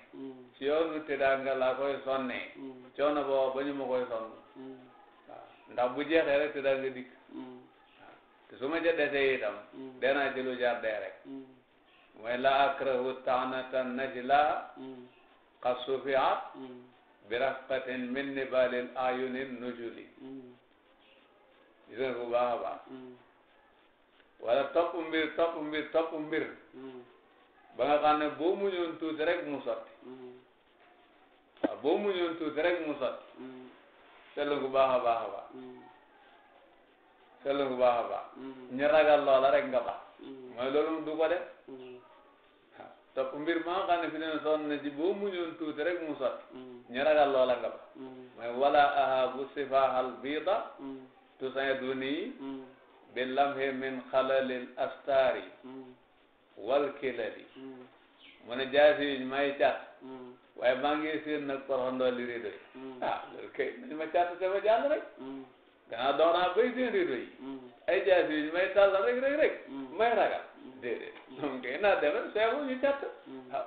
ci yoonu teddaanga laa koy sonnee coono boo ba ñu ma koy sonn waaw ndax bu jeexee rek teddaanga dikk te su ma ca desee itam danaa ci lu jar dee mooy la akrahu taanata najla qad sufiat birafqatin min nibalil ayunin nujuli gis nga bu baax a baax wala topp mbir topp mbir topp mbir ba nga xam ne boo muñoon tuuti rek mu sotti waaw boo muñoon tuuti rek mu sotti seetlu bu baax a baax a baax seetlu topp mbir maa xam ne fi ne sonn na ci boo muñoon tuuti rek mu sotti mm. ñu ragal loola nga ba mais mm. wala ahabu sifahal biida mm. tusaiduni bil lamhi min xalalil astari wal mu ne jaasi may cat waaye maa ngi seen nag korxondoo li rido ah loolu kay nañ ma cat sama jàll rek gannaaw dox naa bay seen rido yi ay jaasi may tàll rek rek may ragal déedéet ñoom kay naa demee seexu ñu jàtt waaw mm-hmm. ah.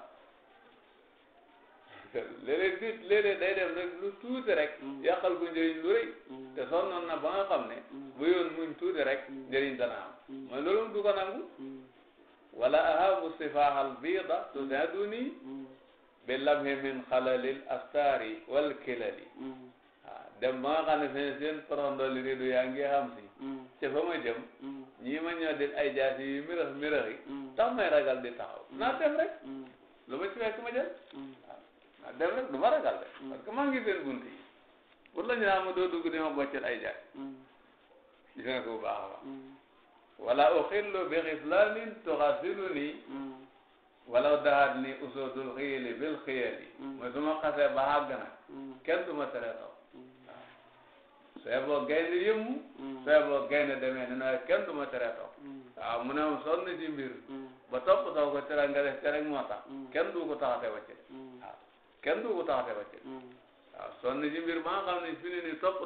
léeg-léeg du léeg-léeg day def rek mm-hmm. mm-hmm. te sonnoon na ba nga ne bu yoon muñ tuuti rek njëriñ dana loolu mu du ko nangu wala ahabu sifahal biida tusaduni bi lamhi min xalalil astaari wal kilali ah, dem ba nga xam ne seen seen parandoli ridu yaa ngi xam ca fa ma jëm ñii ma ñoo di ay jaasi yu mirax mirax may ragal di taxaw naa def rek lu ma ci fekk ma jël waaw naa ragal de parce que maa seen bunt yi la ñu naan ma doo dugg di ma boccel ay jaasi gis nga ko bu baax a baax wala uxillu bi xislaanin tuxasiluni walaw daxaat ni usodul xiyili bil xiyali mooy su ma xasee ba xàgg nag kenn du tere taw sooy boo gaynde yëmmu sooy boo gaynde demee ne naa kenn du ma tere topp mm. waaw mu ne ma sonn mbir mm. ba topp taw ko tere nga def tere moo mm. kenn du ko taxate wacce waaw kenn du ko taxate wacce waaw sonn ci mbir maa xam ne fi ne ni topp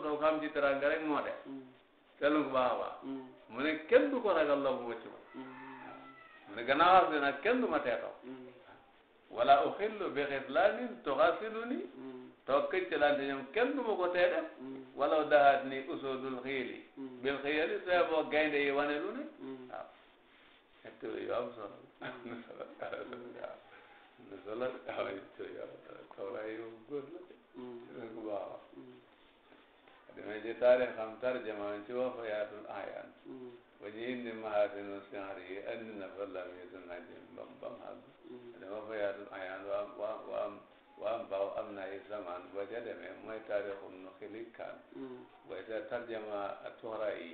mu ne kenn du ko ragal la bu wacc ma mu ne gannaaw wax dina kenn du ma toog këccalante ñoom kenn du ma ko tee def mm. walaw dahaat ni usoodul xiili mm. bil xiili soo boo gaynde yi wane lu ne mm. waaw ñett yu am solo nu solo waaw nu solo waaw ñett yu am solo soxla yi moom góor la de waaw dina ci taarix xam tarjama ci wafayaatul ayaan ba ñu indi mahaasinu sinar yi andi na fa lam yi su najim bam bam àgg dama wafayaatul ayaan waam waam waa mbaaw am na ay zaman boo ca demee mooy taarixu nu xilig kaan boo ca tarjama tuura yi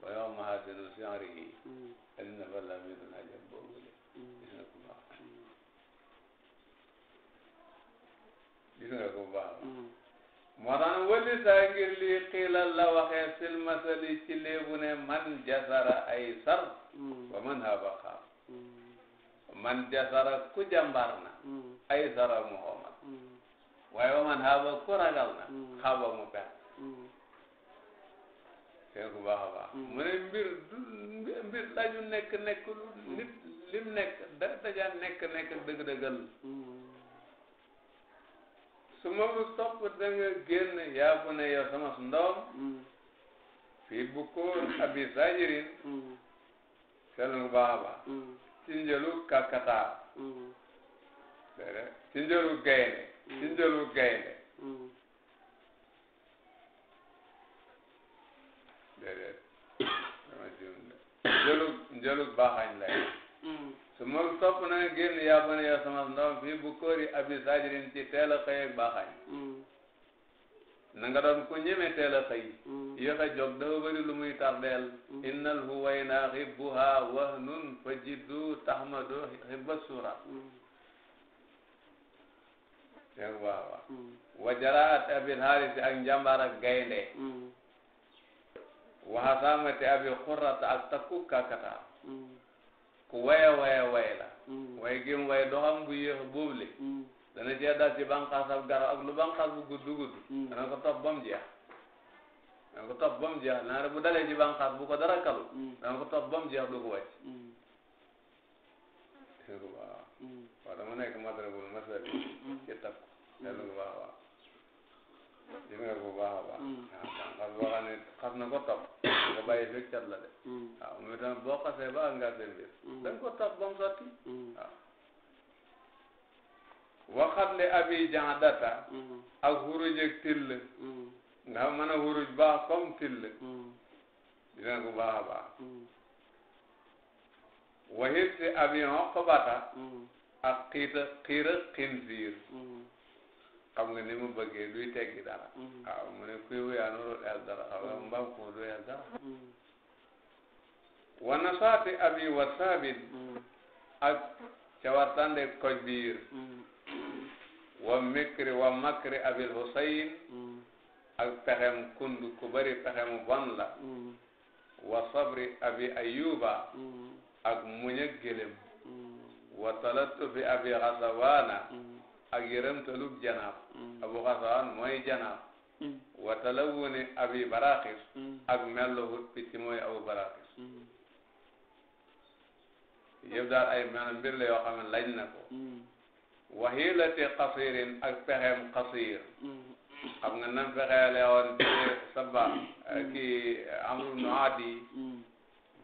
boo yow mahasinu genre yi ali na bala mi dun ajab boobule gis nga ku baax gis nga ku baax moo tax wali saa ngir lii man jasara ay sar wa man haba man jasara ku jàmbaar na hmm. ay sara mu xoomal hmm. waaye wa man xaaba ku ragal na hmm. xaaba mu perte seen ku baax a mu ne mbir du mbir laaju nekk nekk lu nit lim nekk da dajaa nekk nekk dëgg-dëggal su ma bu topp da nga génn yaa bu ne yow sama ndoom fii bu abi sajirin seen ku baax sinjalu kakataar. Mm-hmm. sinjalu gaynde. Mm-hmm. sinjalu gaynde. déedéet njëlu njëlu baaxañ lay. su ma sopp na génn yaa bane yaa sama ndaw fii bu kóori abi saajirin ci teel a xëy ak baaxañ. na nga doon ko ñeme teel a xëy mm. yéex a jóg dafa bëri tardeel mm. innal huwayna xibbuha wahnun fa jiddu taxmadu suura dégg mm. wa jaraat abil haris ak njàmbaar ak gaynde wa hasamati abi xurrata ak takku kakata ku waya waya way way gim way doxam bu yéex boobule dana cee dal ci bànqaas ak garab ak bu gudd gudd. Mm. dana ko topp ba mu jeex. dana ko topp ba mu jeex naa bu dalee ci bànqaas bu ko dara kalu. Mm. dana ko topp ba mu jeex du ko nekk madrabul masal bi ci takk. dégg nga mm. baax a baax. dégg bu baax a baax. waaw ne xas na ko topp. nga bàyyi fekk cat la de. waaw moom itam boo xasee ba àggaat seen biir. danga ko topp ba mu sotti. waaw. waxat li abi jandata mm-hmm. ak xuruj till mm-hmm. nga mën a xuruj baax comme till mm-hmm. dina ko baax a baax waxit si abi oqbata ak xiita xiira xinziir xam nga ni mu bëggee luy teggi dara waaw mu ne kuy wuyaanurul el dara xam nga mbaam ko du el dara wa nasaati abi wasaabin ak ca wattande koj biir wa mikri wa makri abil husayn mm. ak pexem kund ku bari pexem mm. wa sabri abi ayuba mm. ak muñ ak gélem wa talattufi abi xasawaana ak yërëmtalub janaab abu xasawaan mooy janaab wa talawuni abi barakis ak mellohut picc mooy abu barakis yëpp daal ay maanaam mbir la yoo xam wahilati qasirin ak pexem qasir mm-hmm. xam nga nan fexeele woon ci saba kii amru nu adi mm-hmm.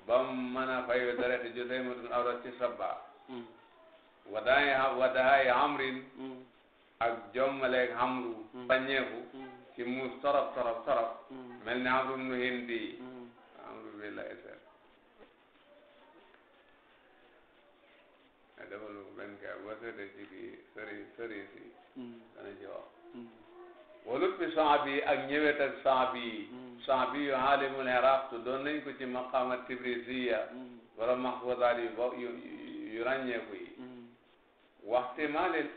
bam mën a fayu darete jotaymatun awrat ci saba mm-hmm. wadaay wadaay amrin ak jommaleeg amru paññeeku ci muus torop torop torop amru nu hindi amru billahi defal ko benn kaa boo seetee ci si dana ci wax walut bi ak ñëwet ak saabi saabi yu aalimul iraq tu doon nañ ko ci maqaama tibrisiya hmm. wala maxfuusaat yu bo yu yu ràññeeku yi hmm. waxtimaalil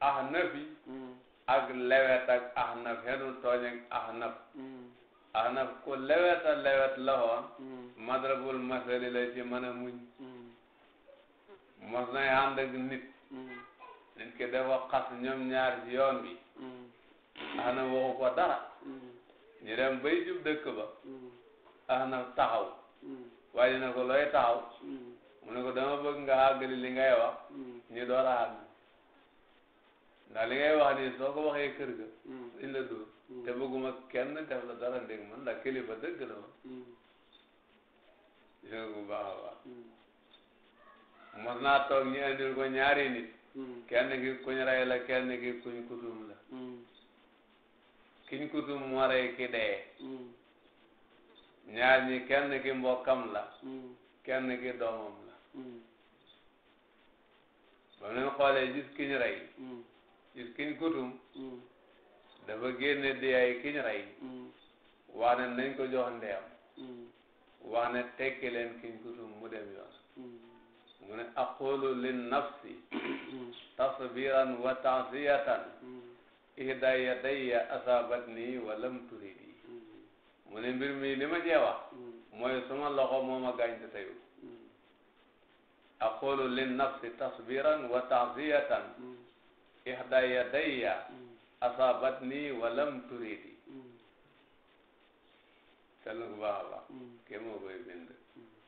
ahnaf yi hmm. ak lewet ak ahnaf xenu tooñ ak ahnaf ku lewet a lewet la woon madrabul masali la ci mën a mos nay ànd ak nit nit ki dafa xas ñoom ñaar ci yoon bi mm-hmm. ana waxu ko dara mm-hmm. ñu dem bay jub dëkk ba mm-hmm. ana taxaw waaye na ko looy taxaw mu ne ko dama bëgg nga àggali li ngay wax ñu door a àgg ndax li ngay wax nii soo ko waxee kër ga dañ la dóor te bëgguma kenn def la dara ndég man ndax kilifa dëgg la ma gis nga bu baax mos naa toog ñu indil ko ñaari nit. Hmm. kenn ki kuñ rey la kenn kutum la. Hmm. kiñ kutum moo rey ki dee. Hmm. ñaar ñi kenn ki mbokkam la. kenn ki doomam la. ba mu leen xoolee gis kiñ rey. gis kiñ kutum. dafa génne dee ay kiñ rey. wax ne nañ ko jox ndeem. wax ne tekki leen kutum mu dem yoon. mu ne aqulu lin nafsi hmm. tasbiran wa taasiyatan hmm. ihda yadayya asabatni wa lam hmm. mu ne mbir mi li ma cee wax mooy suma loxo moo ma gaañ te tayu aqulu lin nafsi tasbiran wa taasiyatan ihda yadayya asabatni wa lam turidi seetlu bu baax a baax kee moo koy bind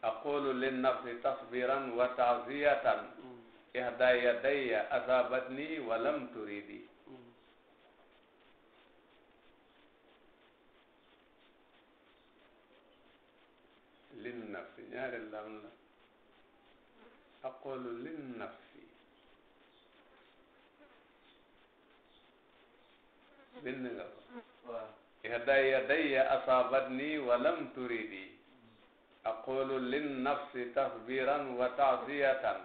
aqulu linnafsi tasbiran wa taaziyatan ihda yadayya asabatni wa lam turidi linnafsi ñaari lam la aqulu linnafsi bind nga ko ihda yadayya asabatni wa lam turidi aqulu linnafsi tahbiran wa taasiyatan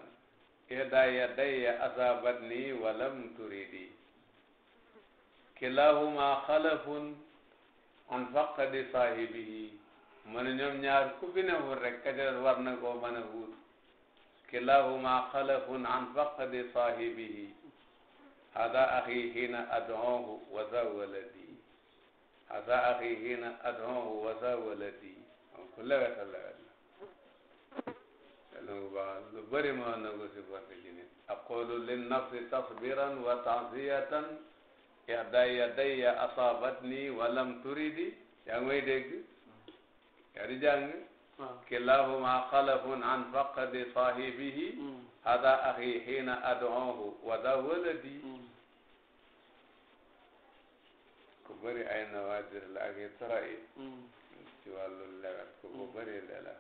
ida yadaya asabatni wa lam turidi kilahuma xalafun an faqadi saahibihi mu ne ñoom ñaar ku fi newul rek kajar war na koo mën a wut kilahuma xalafun an faqadi saahibihi hada axi hiina adoohu wasa waladi hada axi hiina adoohu wasa waladi ku lewet a lewet la te lu baax lu bëri ma na ko supporté ci nit aqulu lin nafsi tasbiran wa tansiyatan ihda yadayya asabatni wa lam turidi yaa ngi may dégg yaa di jàng kilahuma xalafun an faqdi sahibihi mm. hada axi xiina adoohu wa da waladi mm. ku bëri ay nawaadir la ak i tarayi mm. ci wàllu lewet ku bu bëri lela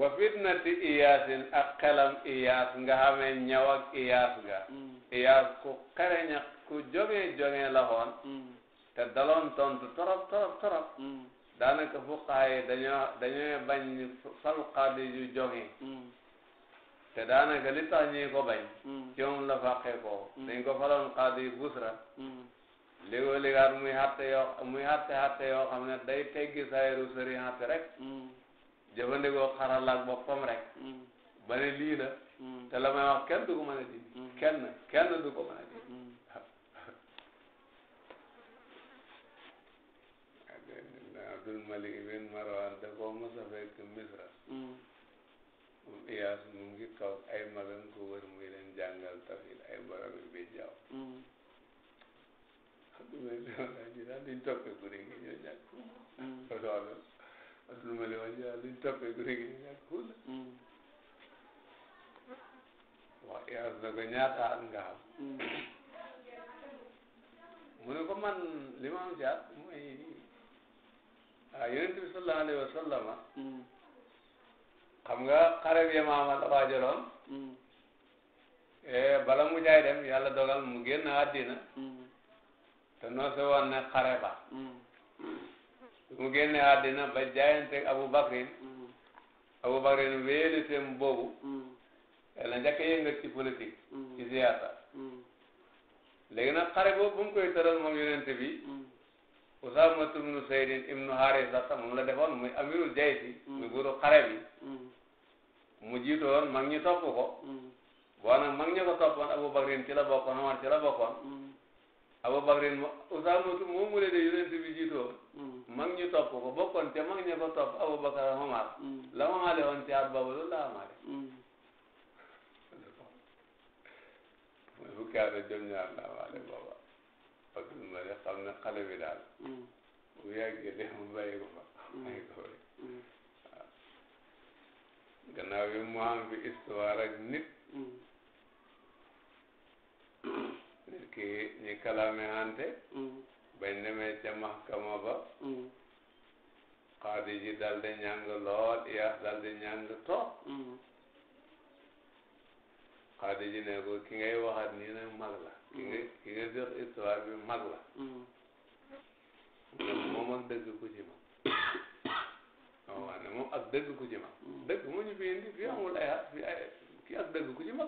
wa fitnati iyaasin ak xelam iyaas nga xamee ñaw ak iyaas nga mm. iyaas ku xereña ku joge joge la xoon mm. te daloon tontu torop torop torop mm. daanaka fuqahaa yi dañoo dañoo bañ fal qaadi yu joge te daanaka li tax ñi ko bañ ci moom la fàqee ko dañ ko faloon qaadi busra léegoo léegaat muy xatte yoo muy xatte xatte yoo xam ne day teggi saayiru sëri xatte rek jëfandikoo xaral ak boppam rek ba ne lii la te la may wax kenn du ko mën a di kenn kenn du ko mën a di Abdul Malik ibn Marwan da koo mos a fekk Misra moom Iyaas mu ngi toog ay magam ko wër muy leen jàngal tawhid ay borom bi jaaw duñ toppee gune gi ñoo ñàkk oto bi oto lu mel ni daal duñ toppee gune gi ñoo ñàkk fulla wax yaas na ko ñaata at nga xam mu ne ko man li ma am si at mooy ah yonent bi sallallahu alayhi wa sallam xam nga xare bi Yamaama la waajaloon bala mu jaay dem yàlla dogal mu génn àddina te noose woon ne xare ba mm. su mu génne àddina ba jaayanteeg Abu Bakrin mm. Abu Bakrin wéeli seen boobu mm. la njëkk a yëngat ci politique ci siyaasa léegi nag xare boobu bu mu koy tëral moom yonente bi Usaama ibnu Zaydin ibnu Haarisa sax moom la defoon muy amirul jaysi muy bi mu jiitoon mag ñi topp ko boo nag mag ñi ko toppoon Abu Bakrin ci la bokkoon Omar ci la bokkoon Abubakar Usaamatu moom mu ne de yonent bi jiitu woon hmm. mag ñu topp ko bokkoon te mag ña ko topp Abubakar Umar hmm. la ma maale woon ci at boobu loolu la amaale hmm. mooy fukki at ak juróom-ñaar la amaale booba parce que ma ne xam ne xale bi daal bu yàggee de mu bàyyi ko fa bàyyi ko fa gannaaw bi mu am fi histoire ak nit ki ñu kalame hante mm. bañ demee ca mahkama ba mm. xaadi ji daldi ñàng lool iyaas daldi ñàng toog mm. xaadi ji ne ko ki ngay waxat nii nag mag la ki nga ki nga jox histoire bi mag la ma waaw waaw ne moom ak ma dëgg mu ñu fi fi amul ay fi ay ki ak dëgg ku ma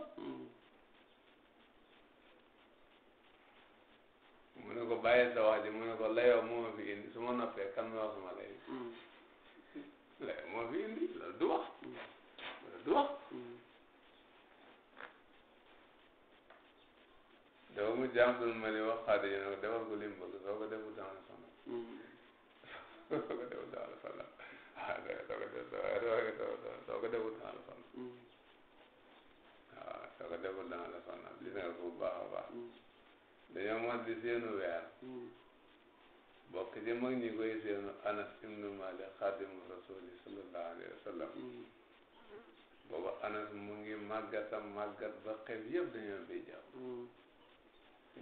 bàyyi sa wax ji mu ne ko layoo moo ma fi indi su ma noppee kan ma wax sama lay layoo moo fi indi loolu du wax loolu du wax dafa mu ma ni wax xaadi ñu ne ko defal ko lim soo ko deful dama la sonal soo ko deful dama mm. la mm. sonal mm. ah soo ko deful dama la sonal waaw soo ko deful dama la sonal li nga ko bu baax a baax dañoo mos di seenu weer hmm. bokk ci mag ñi koy seenu anas ibnu malik xadimu rasuli sallallahu alayhi wa sallam hmm. anas mu ngi màggata ba xef yëpp dañoo bi jàpp hmm.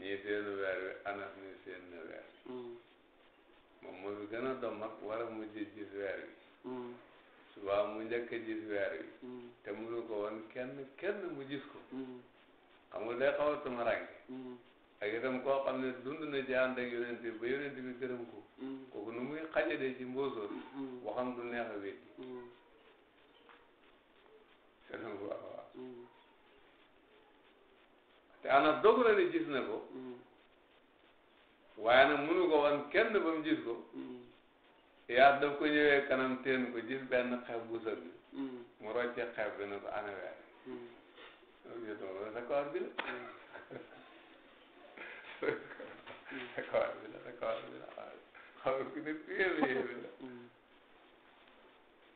ñii seenu weer wi anas ni seen na weer moom moo fi gën a a mujj gis weer wi suba mu njëkk a gis weer wi te mënu ko woon kenn kenn mu gis ko xam nga day xaw ak itam koo xam ne dund na ci ànd ak yonent bi ba yonent bi gërëm ko mm. kooku nu muy xajade ci mbóosóor mm, mm. waxam du neex a wéddi sënam waaw waaw te ana dog na ni gis na ko waaye nag mënu wan kenn ba mu gis ko yaa daf ko ñëwee kanam teen ko gis benn xeeb bu sëgg mu rocce xeeb bi ne ko ana weer yow sa koor bi la kawar bi la kawar bi la xaw ki nit ku yéeme yéeme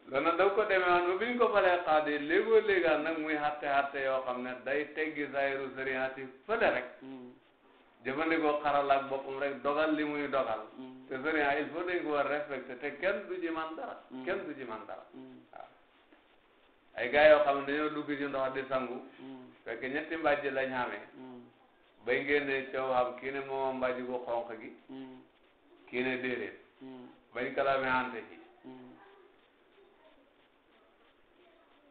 la loolu nag daf ko demee woon ba bi ñu ko falee xaadi léegoo léegaan nag muy xatte xatte yoo xam ne day teggi zahiru sariyaat yi fële rek jëfandikoo xaral ak boppam rek dogal li muy dogal te sariyaat il faut dañ ko war te kenn du man dara kenn du man dara waaw ay gars yoo xam ne dañoo dugg ci ndox di sangu mm. fekk ñetti mbàjj lañ xamee mm. bay génnee coow am kii ne moom mbaji gu xonq gi hmm. kii ne déedéet hmm. bañ kalame ante ji hmm.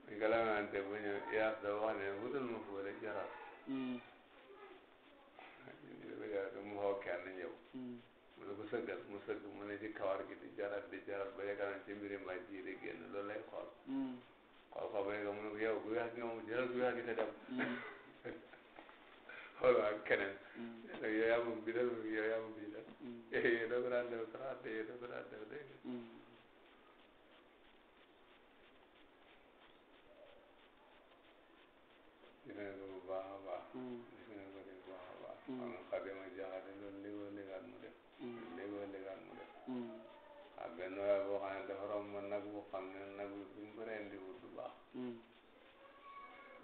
bañ kalame ante bu ñëw yaas da wax ne wutal ma fóore jaral mu xaw kenn ñëw mu ne ko sëggal mu sëgg mu ne ci kawar gi di jaral di jaral ba yeggalam ci mbiri mbaj ji di génn loolu lay xool xool ko ba yegg mu ne ko yow gu weex gi moom jaral gu weex gi te dem xool ak keneen. léegi yow yaa moom bii la yow yaa moom bii la. yooyu doo ko daan def sax àtte yooyu doo ko daan def dégg nga. gis nañ ko bu baax a baax. gis nañ ko bu baax a baax. xam nga Fadima Diakhaté loolu léegoo léegaat mu def. léegoo léegaat mu def. ah benn waay boo xam ne dafa romb nag bu xam ne nag bi mu ko rendi wut du baax.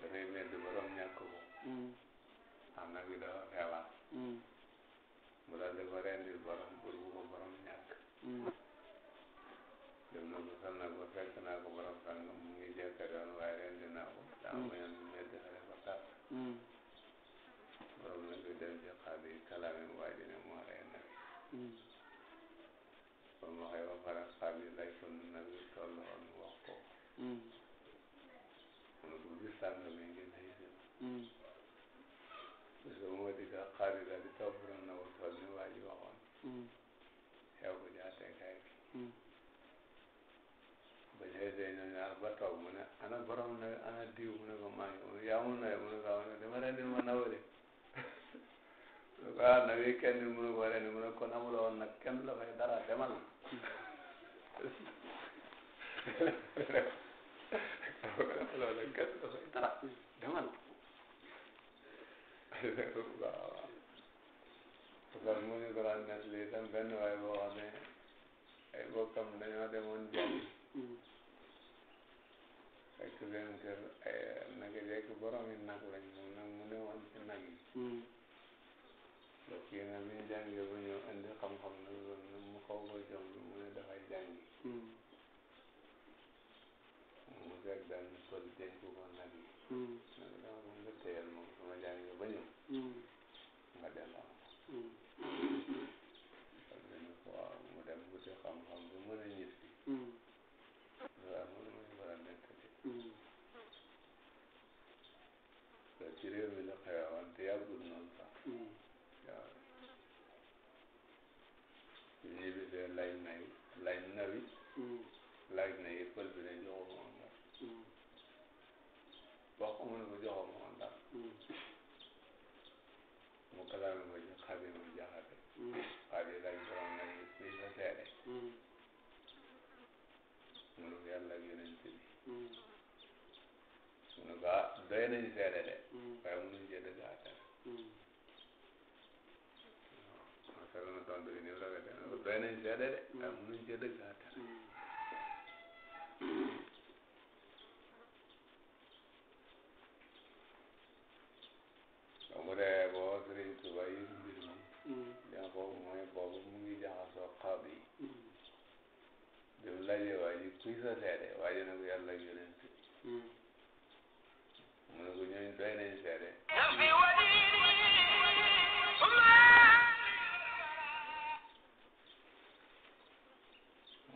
dafay mel ni borom ñàkk bi dafa feebar mu daal di ko rendil borom pour bu ko borom ñàkk mm. dem na ko san na ko fekk naa ko borom sàngam mu ngi jekkatoon waaye rendi naa ko mm. daa moyen mu metti xale ko tàpp ba toog ana borom ana diw mu ne ko maa ngi yaa mu nooy mu ne ko dama rendi ma naw ko ah nag yi kenn mu ne ko rendi mu ne kon amuloo woon nag kenn la fay dara demal amuloo nag dara demal waaw kon mu ngi doon nekk lii tam benn waay boo xam fekk seen kër ay eh, naka jekk boromi nag lañ moom nag mu newoon ci nag yi ba hmm. kii nag mi jànge ba ñëw indi xam-xam nag loolu mu xaw ko jom lu mu ne dafay jàngi hmm. mu fekk daal ñu sol dénk ko nag yi hmm. nag dama ko nga teyal moom sama jànge ba ñëw mu ne ma joxoon ma ndar mu kalaame ma ci Xaadim Jaxate Xaadim lañ ko doon may kuy sa seede mu ne ko yàlla ak yonent bi mu ne ko ah doy nañu seede de waaye mënuñu cee dëgg àttan masala na tontu bi ni mu rafetee doy nañu seede de waaye mënuñu cee dëgg àttan ree boo Sëriñ Tuuba yëg mbir mi yaa boobu mooy boobu mu ngi jaxasoo xaab yi bi mu laajee waa ji kuy sa seede waa ji ne ko yàlla ak yonent mu ne ko ñooñu doy nañ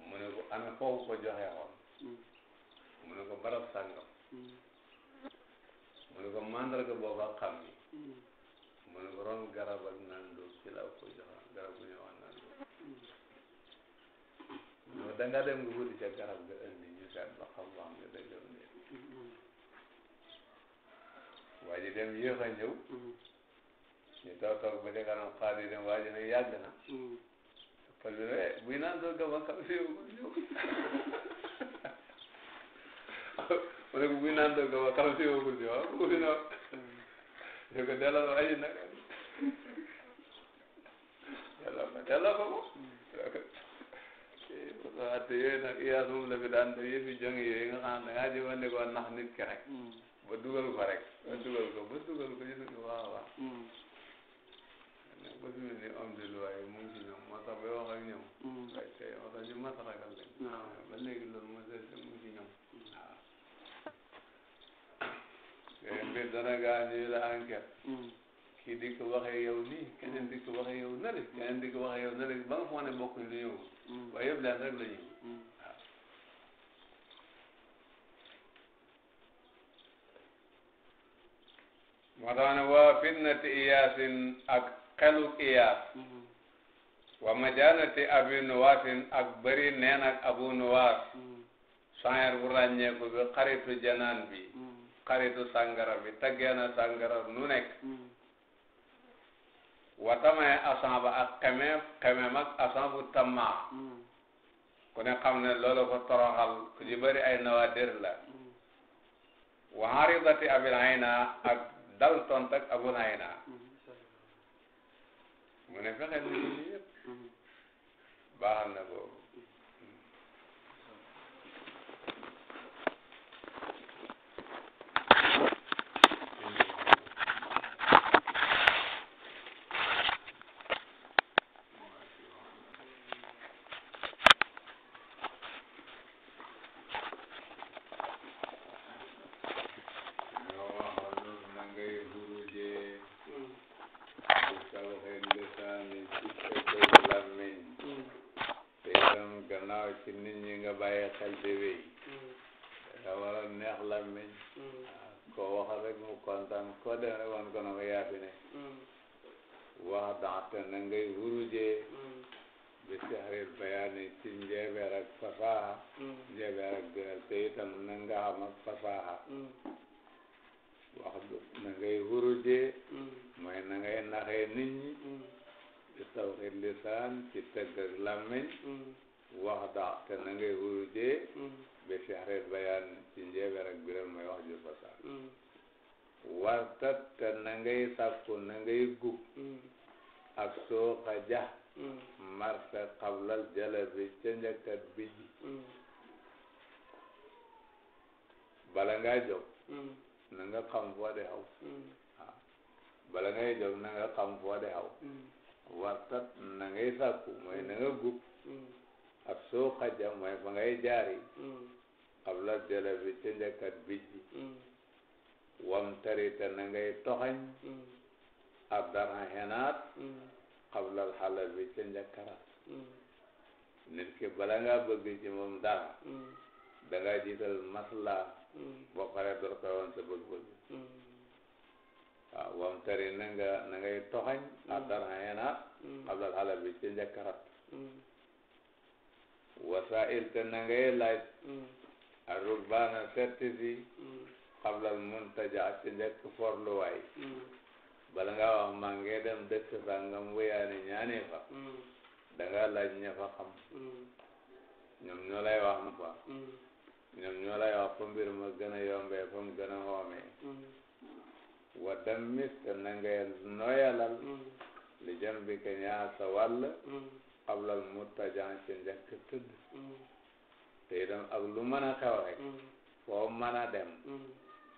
mu ne ko ana foofu ko joxe xoon mu ne ko barab sàngam mu ne ko mandarga booba xam ni mu ne ko ron garab ak naan dóob ci laa ko joxoon bu ñëwoon naan dóob mu danga dem nga wuti ca garab ga indi ñu seet ba xam ba xam nga dëggal ne waa ji dem yéex a ñëw ñu toog toog ba ca kanam dem waa ji nag yàgg na parce que eh, buy naan dóob gama xam fiw ñëw mu ne ko buy naan dóob gama xam fiw ñëw ñu ko delloo ko aji nag delloo ko delloo ko ko waate yooyu nag iyaas moom la fi daan def yëfi jong yooyu nga xam ne dangaa jëfandikoo nax nit ki rek ba dugal ko rek ba dugal ko ba dugal ko yëfi waaw waaw ba fi mu ne homme de loi yi mu ngi ci ñoom moo tax bay wax ak ñoom waaye tey moo tax ñu masaxakal leen ba léegi loolu moo des mu ngi ci ñoom waaw Eh, mbir dana gaa ñu la enquête hmm. kii di ko waxee yow nii keneen di hmm. ko waxee yow nale hmm. keneen di ko waxee yow nale ba nga foog ne bokkuñ lu ñëw waaye yëpp leen rek la ñëw waaw moo tax ne waa fitnati iyaasin ak xelu iyaas wa majaanati abi nuwaasin ak bëri neen ak abu nuwaas changer bu ràññeeku bi xaritu janaan bi xaritu sàngara bi taggee na nu nekk watamay asan ba ak xemeem xemeem ak asan bu tammaa ku ne xam ne loolu ko toroxal ku ci bëri ay nawaadir la waxaridati abil ayna ak dal tont ak abul ayna mu ne fexe ni yëpp baaxal na boobu lisaan ci tëgg ak làmmiñ wax daax te na ngay wurujee bi sexril bayaan ci njeeber ak biral may wax ju fasaa wartat te na ngay sàkku na ngay gub ak soo xaja marsa xablal jala bi ca njëkkat bi ji bala ngaa jóg na nga xam foo de xaw bala ngay jóg na xam foo de xaw wartat na ngay sàkku mooy na nga gub ak soo xaja mooy fa ngay jaari xabla jële bi ca njëkkat bij ji wam tarita na ngay toxañ ak dara xenaat xabla xala bi ca njëkkaraat nit ki bala nga bëgg ci moom dara mm. da nga jiital masla mm. boo pare door koy woon sa bëgg-bëgg mm. waaw wam tari na nga na ngay toxañ addar xayenaat xablal xala bi ci njëkkarat mm. wasail te na ngay laaj mm. a rukbaana setti si mm. xablal muntaja ci njëkk forluwaay bala nga wax maa ngi dem dëkk sàngam wéyaani ñaani fa da nga laaj ña fa xam ñoom ñoo lay wax mu fa ñoom ñoo lay wax fa mbir ma gën a yombee fa mu gën a xoomee wa dammit te na ngay noyalal li jëm bi ka sa wàll xablal murtajan ci njëkk tëdd te itam ak lu mën a xew rek foo mën a dem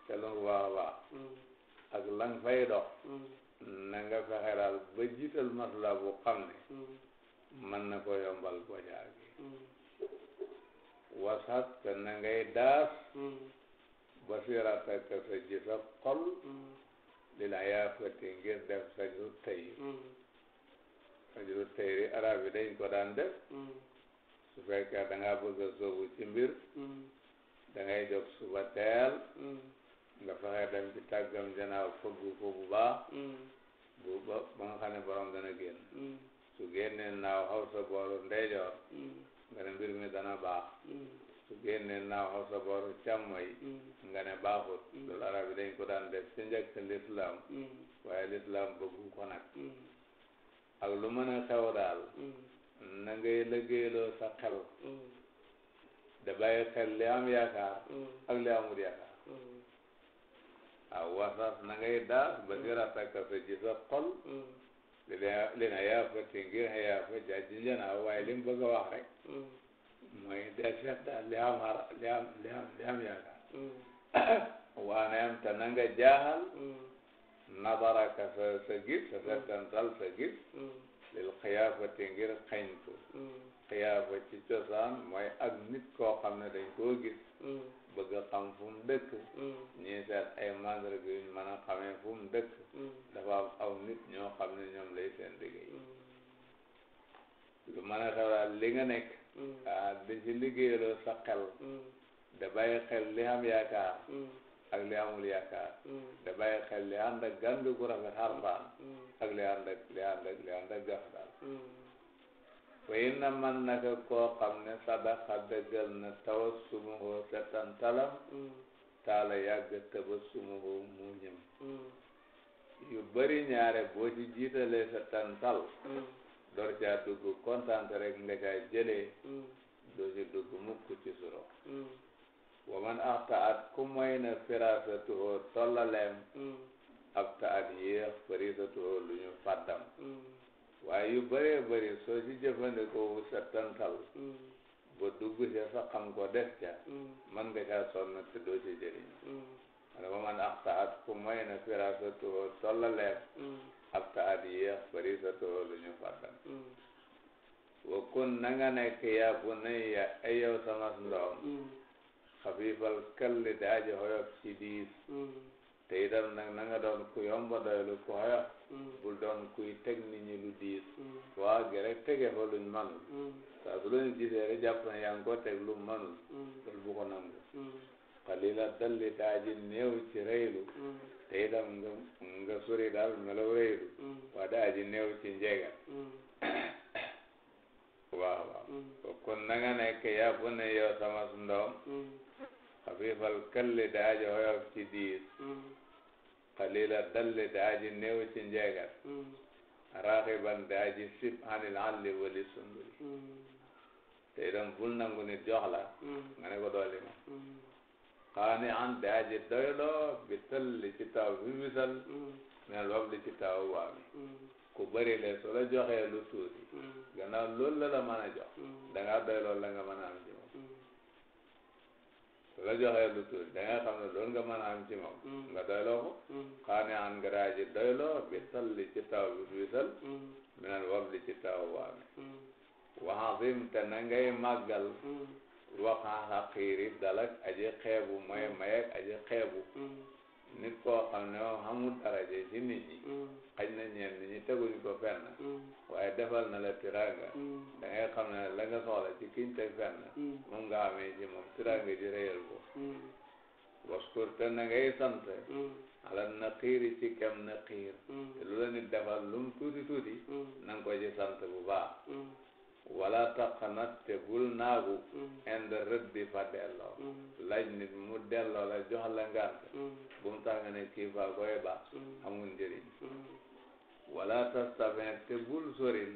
te lu baax baax ak lang fay dox na nga fexe daal ba jiital masla bu xam ne mën na ko yombal bojaa gi wasat te na ngay daas basirata ka sa ji sa xol lil ayaafati ngir def sajdu tayri sajdu tayri arab yi dañ ko daan def su fekkee da ngaa bëgg a sóobu ci mbir da ngay jóg suba teel nga fexe dem mm. ci tàggam janaaw fëggu ko bu baax bu ba ba nga xam ne borom dana génn su génnee naaw xaw sa boolu ndeyjoor nga ne mbir mi dana baax su génne naaw xaw sa boru càmmoy mm. nga ne baaxut mm. loolu arab yi dañ ko daan def ci njëkk lislaam mm. waaye lislaam bëggu ko nag ak lu mën a daal na ngay liggéeyloo sa xel da bàyyi xel li am yaakaar ak li amul yaakaar waaw wasaas na ngay daas ba gëratakka sa ji sa xol li na yaa fa ti ngir yaa fa jaaj ji njanaaw waaye li mu bëgg a wax mooy del seet li am har li am li am li am yaakaar mm. waaneem te na nga mm. sa sa gis sa mm. settantal sa gis lil xiyaafati ngir xeñtu xiyaafa ci mooy ak nit koo xam ne dañ koo gis bëgg a xam fu mu dëkk ñii seet ay mandarga yuñ mën a fu mu dëkk dafa aw nit ñoo xam ñoom lay seen liggéey lu mën a li nga nekk Mm. ah di ci liggéeyaloo sa xel. Mm. da xel li am yaakaar. Mm. ak li amul yaakaar. da xel li ànd ak gànd gu rafet xarbaan. ak li ànd ak li ànd ak li daal. wa inna man naka koo xam ne sadaqa dëggal na tawassumuhu setantalam. taala yàgg tabassumuhu muuñam. yu bëri ñaare boo ci jiitalee setantal. door caa dugg kontaan rek nga caa jëlee mm. doo ci dugg mukk ci suro mm. wa man at ku moy na firasatuhoo tollaleem mm. ab ta at yéex farisatuhoo lu ñu fàddam waaye yu bëree bëri soo ci jëfandikoo wu settantal ba dugg ca sa xam ko def ca man nga caa sonn te doo ci jëriñ wala wa man at ku moy na firasatuhoo tollaleem ab taat yéex bari sa tool lu ñu fàttan mm. na nga nekk yaa bu ne ya ay yow sama ndoom mm. xafifal kalli daaji xoyof ci diis mm. te itam nag na nga doon ku yomba doylu ku xoyof bul doon kuy teg nit ñi lu diis waa gi rek tege fa luñ manul saa su leen gisee rek jàpp lu manul loolu bu qalila dalli daaji néew ci reylu te itam nga nga sori daal melaw reylu waa daaji néew ci njegal nga nekk yaa bu ne yow sama ndoom xafifal kalli daaji hoyof ci diis qalila dalli daaji néew ci njegal daaji sib anil alli wali sunduli te itam bul nangu nit jox nga ne ko dolli xaani an di aji doyloo bi tël li ci taw bi misal nel li ci taw waami ku bëri le su la joxee lu tuuti gannaaw la la mën a jox da ngaa doyloo la nga mën a am ci la joxee lu tuuti da nga xam nga mën a am ci moom nga doyloo ko xaani an nga di aji doyloo bi tël li ci taw bi misal nel li ci taw waami waxasim te na ngay màggal waqan xaqiiri dalak aji xeebu mooy mm. mayek aji xeebu mm. nit koo xam ne moom xamul daraje ci ñi mm. xaj na ñeen ñi teguñ ko fenn waaye defal na la tiranga da ngay xam ne la nga soxla ci kiñ teg fenn moom ji réyal ko waskur te na ngay sant ala naqiiri ci kem naqiir te lu la nit defal lum tuuti tuuti na ko ci sant bu wala taqanat te bul naagu inde mm. rëddi fa delloo mm. laaj nit mu delloo la jox la ngant mm. bu mu tax nga ne kii fa koy ba amul njëriñ wala tastafin te bul soril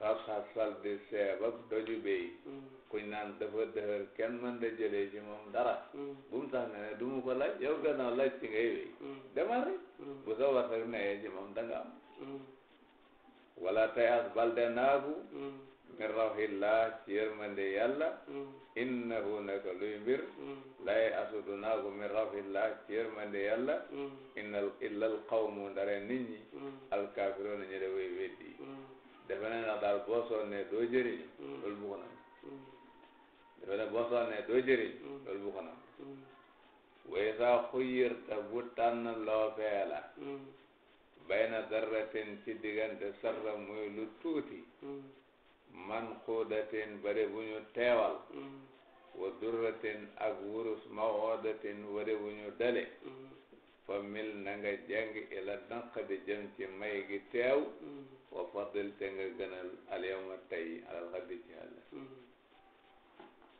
rabsa kuñ naan dafa dëhër kenn mën da jële ci moom dara bu mu tax nga ne du mu ko laaj yow gannaaw laaj ci ngay wéy demal rek bu sa war rek newee ci moom balde naagu min rahillah ci yërmande yàlla mm. innahu naka luy mbir mm. lay asudu min rahillah ci yërmande yàlla mm. innal illal qawmu ndare nit ñi alkaafiroona ñu de way weddi defe ne nag daal boo sonnee doo jëriñ loolu bu ko defe ne boo sonnee doo jëriñ loolu bu ko nam way saa loo feela bayna darratin ci diggante sarra muy lu tuuti man xuudatin bare bu ñu teewal mm. wa durratin ak wurus mawoodatin bare bu ñu dale mm. fa mil na nga jàng ila danq jëm ci may gi teew mm. wa fadil te nga gënal alyawma tey alal xaddi ci àlla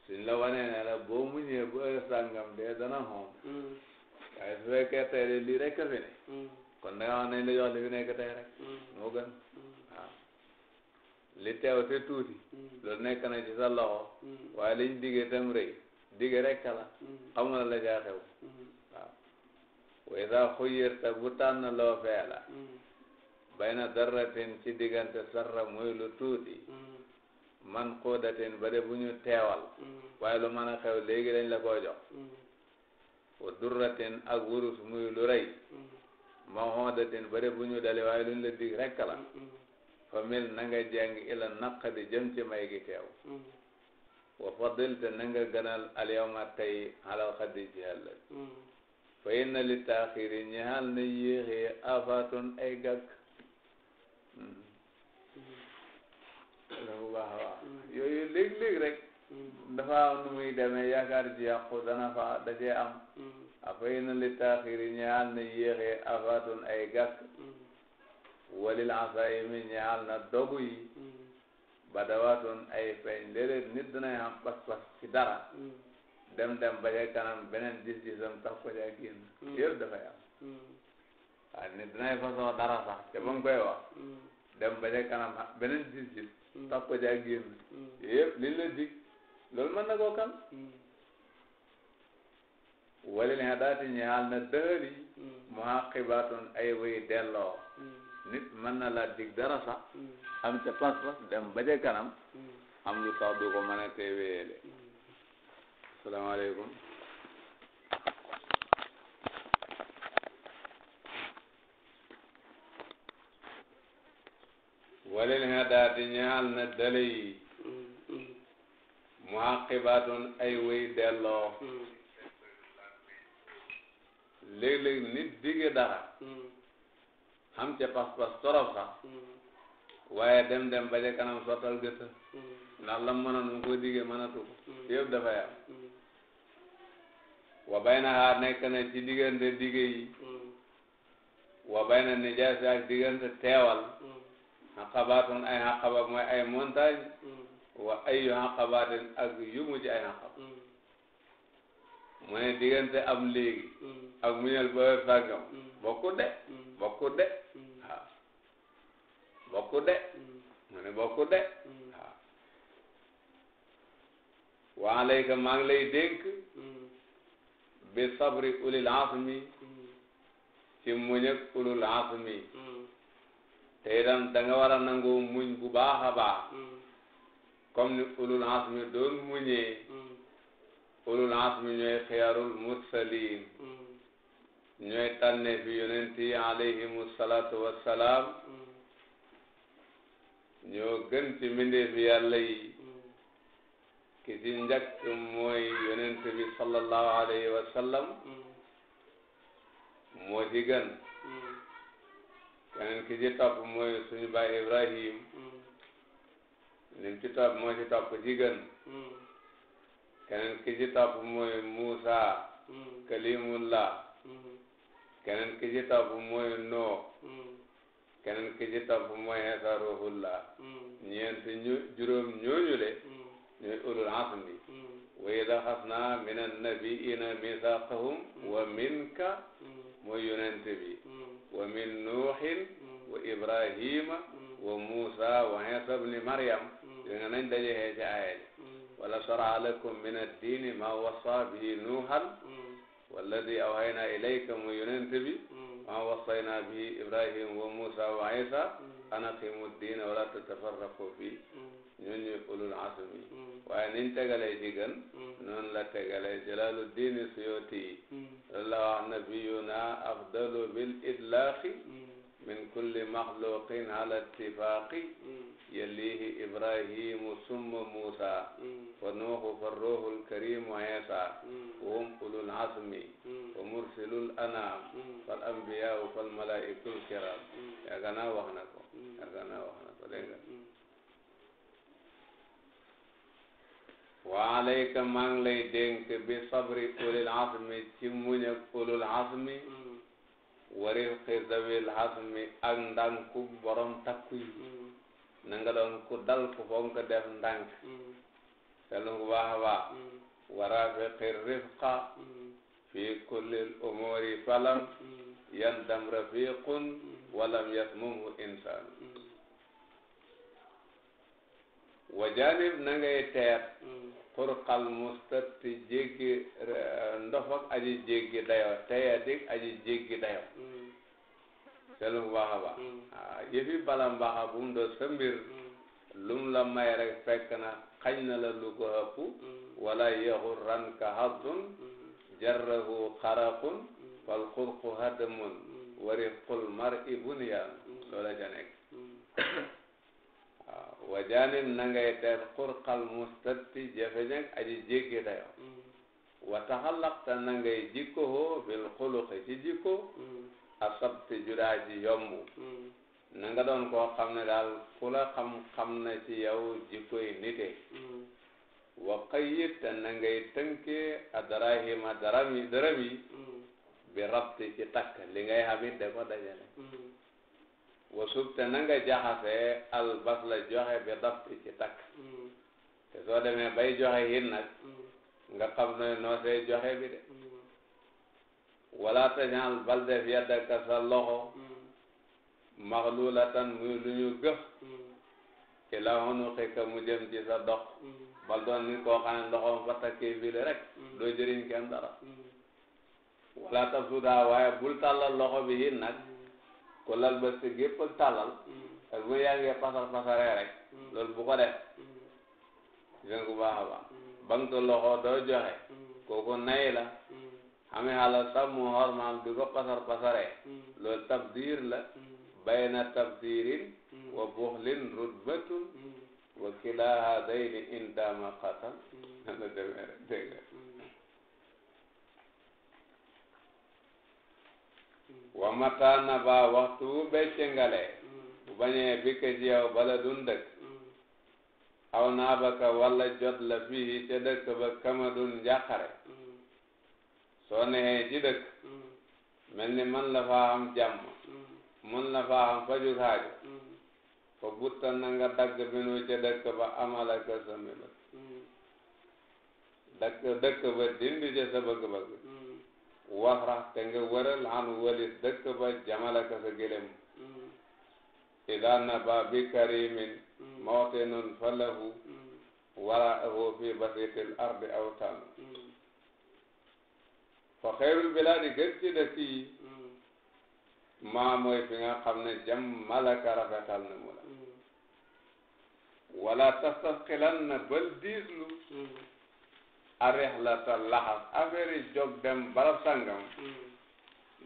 suñ la wanee ne la boo muñee ba sàngam dee dana xoom waaye su fekkee tey de lii rek fi ne kon da nga wax nañ jox li fi nekk tey rek moo gën li teew te tuuti mm. loolu nekk na ci sa loxo mm. waaye liñ digge tam rëy digge rekk la mm. xamula la jaa xew waaw wa ida xuyyirta bu tànn loo feela bayna darratin ci diggante sarra muy lu tuuti man xuudatin ba de bu ñu teewal waaye lu mën a xew léegi lañ la koo jox wa ak wurus muy lu rëy ma xoodatin ba de bu ñu dali waaye luñ la dig rekk la famil na nga jàng ila naqadi jëm ci may gi teew mm-hmm. wa fadil te na nga gënal alyawma tey alal xadi ci ëllëg mm-hmm. fa inna li taaxiri ñaal na yéexee afaatun ay gàkk mm-hmm. la bu baax a baax yooyu rek dafa am nu muy demee yaakaar ji fa dajee am a li taaxiri ñaal na yéexee afaatun ay gàkk walil asaimi ñaal na dogu yi mm. badawatoon ay feeñ léeg-léeg nit danay pas-pas ci dara mm. dem dem ba ca benen beneen gis-gisam sax ko ca génn mm. yëpp dafay am waaw nit danay fasoo dara sax te ba nga koy wax dem ba ca kanam beneen gis-gis sax ko ca génn yëpp liñ la dig loolu mën na koo kan walil xadaati ñaal na dëhër yi muhaqibatun ay way delloo nit mën na la dig dara sax mm. am ca dem ba ca kanam mm. am lu tax du ko mën a teeweele mm. salaamaaleykum walil hadaati ñaal na dale yi muaqibatun ay wéy delloo léeg nit dige dara am ca pas-pas torop sax waaye dem dem ba ca kanam sottal gëta ndax lam mënoon mu ko digee mënatu ko yëpp dafay am wa bayna ha nekk na ci diggante digge yi wa bayna nijaasi ak diggante teewal xaqabaatun ay xaqaba mooy ay montagne wa ayu xaqabaatin ak yu mu ci ay xaqab mu ne diggante am léegi ak muñal ba sàggam bokkut de bokkut de bokkut de mm. mu ne bokkut de mm. waaw waa lay ka mm. bi sabri ulil azmi ci muñ ak ulul te itam da nga war a nangoo muñ bu baax a baax ni ulul azmi doon muñee ulul azmi ñooy xiyarul mursalin ñooy tànne fi yonent yi alayhimu salaatu wassalaam ñoo gën ci mbindeef yàlla yi ki ci njëkk mooy yonent bi sallallahu alayhi wa moo ci gën keneen ki ci topp mooy suñu Ibrahim lim ci topp moo ci topp ci gën keneen ki ci topp mooy Muusa kalimullah mm-hmm. keneen ki ci topp mooy Nuux keneen ki ci topp mooy xesaruhullah hmm. ñeent ñu juróom ñooñu le hmm. ñooy ulul azmi hmm. wa ida xasna min annabiina misaqahum wa minka mooy yonent bi wa min nuuhin wa ibrahima wa musa wa isa bni maryam yo nga nañ daje xee ci aaya wala shar'a lakum min addiini ma wasa bihi nuuhan walladi awhayna ilayka mooy yonent bi an wasayna bi ibrahim wa musa wa isa an aqimu diina wala tatafarraqu fi ñun ñuy ulul azmi waaye niñ tegalee ci gën noonu la tegalee jalalu diini suyuti la wax nabiyuna afdalu bil idlaaqi min kulli maxluqin ala ittifaaqi yalihi ibrahimu summa muusa fa mm. nuuhu fa ruuhul karimu isa mm. wa hum ulul azmi mm. wa mursilul anaam fal anbiyaau fal malaaikatul kiram yaakaar naa wax na ko yaakaar naa wax na ko dégg nga wa alayka maa ngi lay dénk bi sabri ulil azmi ci muñ ak ulul azmi waril xisawil hasmi ak ndànku borom takku yi mm. na nga doon ku dal ku fonk def ndànk selum ku baax a baax mm. warafiqi rifqa mm. fi kullil umuri falam yandam rafiqun walam yasmumhu insan wajanib na ngay teer xurqal mm. ti jéggi euh, ndofak aji jéggi dayo teya aji jéggi dayo mm. selum baax a baax mm. ah, bala mbaaxa bu mu doon sa mbir lum la may rek fekk na xañ na la lu ko ëpp wala yaxu ran ka haddun jarrahu xaraqun fal xurqu hadamun wari qul mar i bunyan loola ca nekk wajaanib na ngay teet xurqal mustatti jafe-jafe aji jéggi dayo mm-hmm. wa taxallaqta na ngay jikkohoo bil xuluqi ci jikko mm-hmm. asabti judaa ji yomb mm-hmm. na nga doon ko xam ne daal ku la xam na ci yow jikkoy nite wa qayyit te na ngay tënkee adarahima darami darami bi rabti ci takk li ngay da ko dajale wasub te na nga jaxasee albasla joxe bi dafti ci takk mm. te soo demee bay joxe hin nag mm. nga xam ne noo joxe bi de mm. wala tajal bal def yaddaka sa loxo maxlulatan muy lu ñu gëf ila honu mu jëm ci sa dox bal ni koo xam ne loxoom fa rek doo jëriñ kenn dara wala tasuda waaye bul tàllal loxo bi hin ko lal ba si géppal tàllal mm. ak bu yaa ngi pasar pasaree rek mm. loolu bu ko def mm. jën ku baax loxo doo joxe kooku nay la xame xala sàmm hormaam du ko pasar pasaree loolu tabdir la bayna tabdirin wa buxlin rutbatun wa kilaa hadayni indama qatal na demee rek wa mata na ba waxtu wu beccengale bu bañee bi ka ci yow bala dun dëkk aw naa ba ka walla jot la fii ca dëkk ba kama dun soo nexee ci dëkk mel ni man la faa am jàmm la faa am faju xaajo fa butta na nga dagg minu dëkk ba amala ka sa melo dëkk dëkk ba dindi sa bëgg-bëgg waxrax te nga wëral an walis dëkk ba jamalaka sa gëlëm mm. ila naba bi karimin mm. mawtinun falahu mm. waraahu fi basitil ardi awtan fa xeyrul biladi gën ci dëkk yi maa mooy fi nga xam ne jamalaka rafetal na mu la wala tastasqilan na bal diislu arrihlata laxas affaire yi jóg dem barab hmm.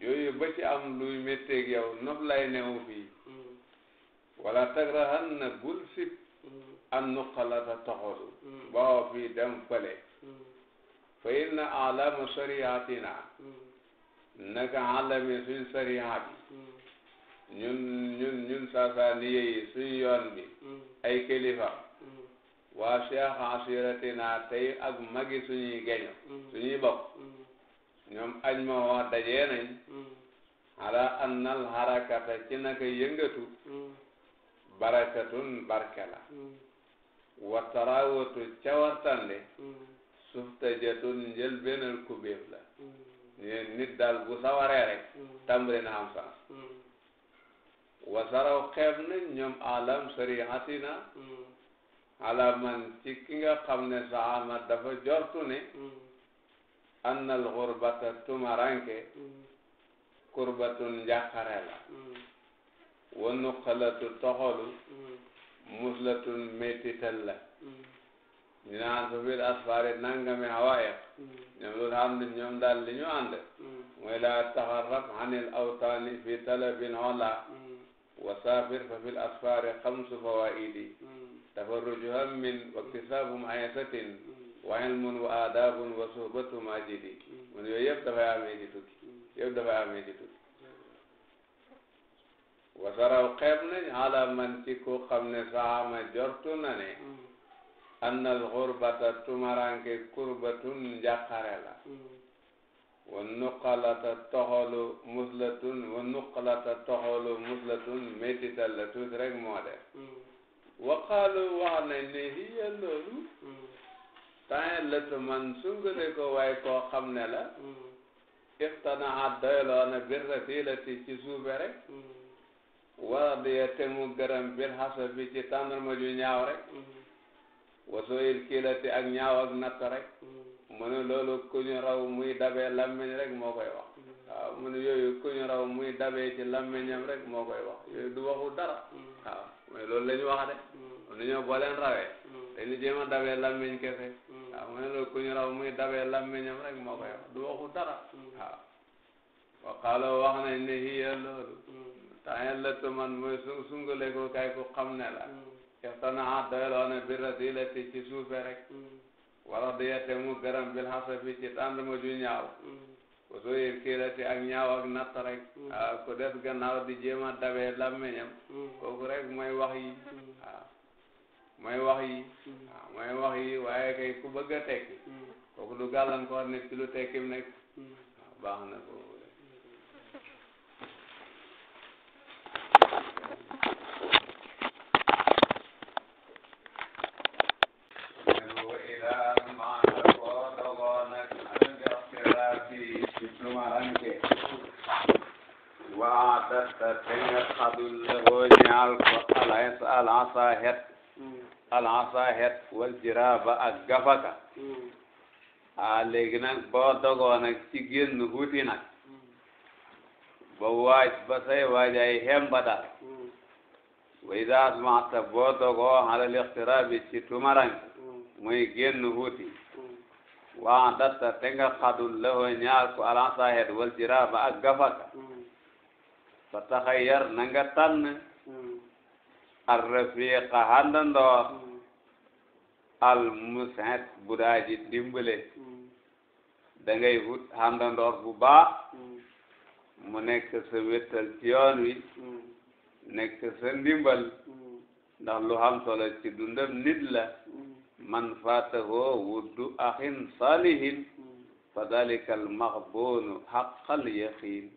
yooyu ba ci am luy métteeg yow nof lay newu fii hmm. wala tagrahan na bul sib hmm. an nuqalata toxolu bawoo fii dem fële fa inna alama sariatina naka alami suñ sariat bi ñun ñun ñun saasaani yeyi suñ yoon bi ay kilifa waa cheikh asiratina tey ak magi suñuy geño mm-hmm. suñuy bokk mm-hmm. ñoom añ ma dajee nañ mm-hmm. ala annal harakata ci naka yëngatu barakatun barke la wa tarawatu cawartande suftajatun njëlbeenal kubéef la ñeen nit daal bu sawaree rek tàmbali am sens wa xeeb nañ ñoom alam sarihatina ala man ci ki nga xam ne saama dafa jortu ne mm. anna al xurbata tumaranke mm. kurbatun njàqare la mm. wa nuqalatu toxolu muslatun métital la ñu naan su fil asfaari nangami hawaayiq ñoom loolu xam ne ñoom daal li ñu ànd mooy laa taxarrab anil awtaani fi talabin hola wa saafir fa fil asfaari xamsu fawaidi tafarrujuhum min waktisaabum ayasatin wa ilmun wa aadaabun wa suhbatu majidi mu ne yooyu yëpp dafay amee ci tukki yëpp dafay amee ci tukki wasaraw xeeb nañ ala man ci ku xam ne saama jortu na ne anna al xurbata tumaranke kurbatun njàqare la wa nuqalata toxalu muslatun wa nuqalata toxalu muslatun métital la tuuti rek moo def waqaalu wax nañ ne hiya loolu temps la tu man sungale ko waaye koo xam ne la iftanaat doyloo na bir rasilati ci suufe rek wala diya te mu gërëm bir xasa bi ci tàndarma ju ñaaw rek wasoo kiilati ak ñaaw ak natt rek mu ne loolu ku ñu raw muy dabee làmmiñ rek moo koy wax waaw mu ne yooyu ku ñu muy dabee làmmiñam rek moo koy wax yooyu du waxu dara waaw mu ne loolu la ñu wax de nu mm. ñoo boo leen rawee mm. dañu jéem a dabee làmmiñ kese mm. waaw mu ne loolu ku ñu raw muy dabee làmmiñam rek moo koy wax du waxu dara waaw wa qaaloo wax nañ ne hiya loolu taxen la tuman mooy su sungale ko kay ku xam ne la rek wala di yette mu garam bil hasabi ci tànd ma ju ñaaw ko mm. soo yéen kiirati ak ñaaw ak natt rek mm. ah, ko des gannaaw di jéema dabee làmmeñam mm. kooku rek mooy wax yi waaw ah, mooy wax yi waaw ah, wax yi waaye kay ku bëgg a tekki kooku du gàllankoor nit ci lu tekkim nekk baax na ko nga xadul lewoo ñaal ko al asahet al asahet wal jiraba ak gafaka a léegi nag boo dogoo nag ci génn huti nag ba waaj ba say waaj ay hembata way daas maxta boo dogoo alal ixtirabi ci tumarang muy génn huti waa datta te nga xadul lewoo ñaal ko al asahet wal jiraba ak gafaka fa taxayyar na nga tànn hmm. al rafiqa xàndandoor hmm. al muset bu daa ji dimbale hmm. da ngay wut baax mu nekk sa wéttal ci yoon wi nekk sa ndimbal ndax lu xam solo ci dundam nit la man faataho wuddu axin salihin fa dalika al maxbuunu xaqal yaqiin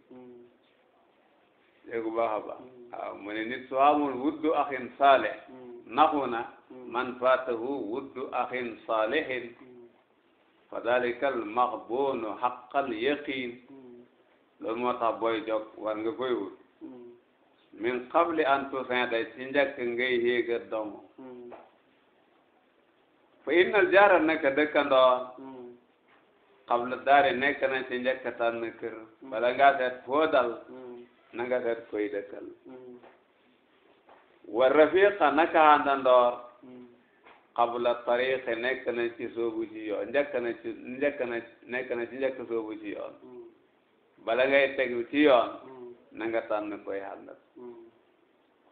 dégg bu baax a baax waaw mu ne nit soo amul wuddu axin saalih hmm. naxu na hmm. man faatahu wuddu axin saalihin hmm. fa dalika al maxbuunu xaqal yaqin moo tax booy jog war nga koy wut min qabli an tusin day ci njëkk ngay yéega domo fa innal jaara naka dëkkandoor qabla daari nekk na ci njëkk tànn kër bala ngaa seet foo dal nanga koy dëkkal mm. wa rafiqa naka àndandoor mm. qabla tariqi nekk na ci soobu ci yoon njëkk na ci njëkk na nekk na ci njëkk soobu yoon mm. bala ngay tegu ci yoon nanga tànn koy àndal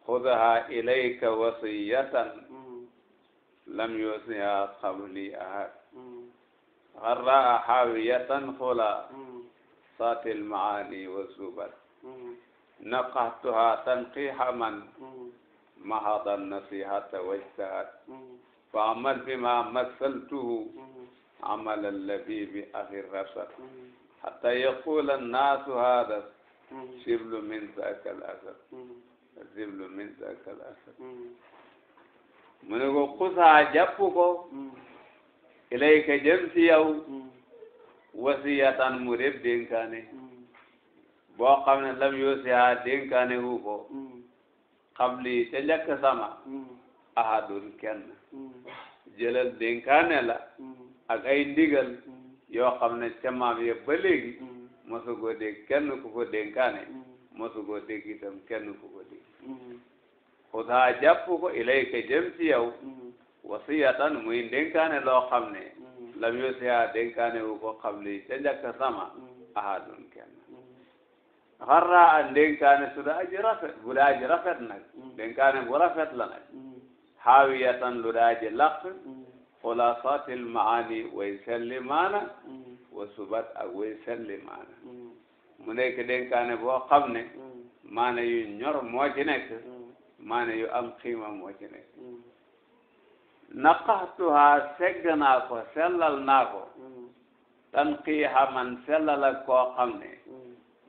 xudaha ilayka wasiyatan lam yusniha qabli ahad xarraa xaawiyatan xula saatil maani wa subat naqahtuha tanqiha man mahada nasihata wajtahat fa amal bima masaltuhu amal allabibi ahi rasad hatta yaqula annaasu hada siblu min zaka al asad siblu min zaka al asad mu ne ko kusaa jàpp ko ilayka jëm si yow wasiyatan mu réb dénkaane boo xam ne lam yoosia dénkaane wu ko mm. xabli ca njëkk sama mm. ahadun kenn mm. jëlal dénkaane la ak ay ndigal yoo xam ne ca maam ya ba léegi mosugoo dégg kenn ku ko dénkaane mosugoo dégg itam kenn ku ko dégg xutaa jàpp ko ilayka jëm ci yow wasiyatan muy dénkaane loo xam ne lam yoosia dénkaane wu ko xabli ca njëkk sama ahadun kenn xarraan dénkaane su daa ji rafet bu daa ji rafet nag mm. bu rafet la nag mm. xaawiyatan lu daa ji laq mm. xulaasatil maani way selli maana wa subat ak selli maana mu nekk dénkaane boo xam ne maana yu ñor moo maana yu am xiima moo ci nekk segg naa ko sellal naa ko tanqiiha man sellal ak koo xam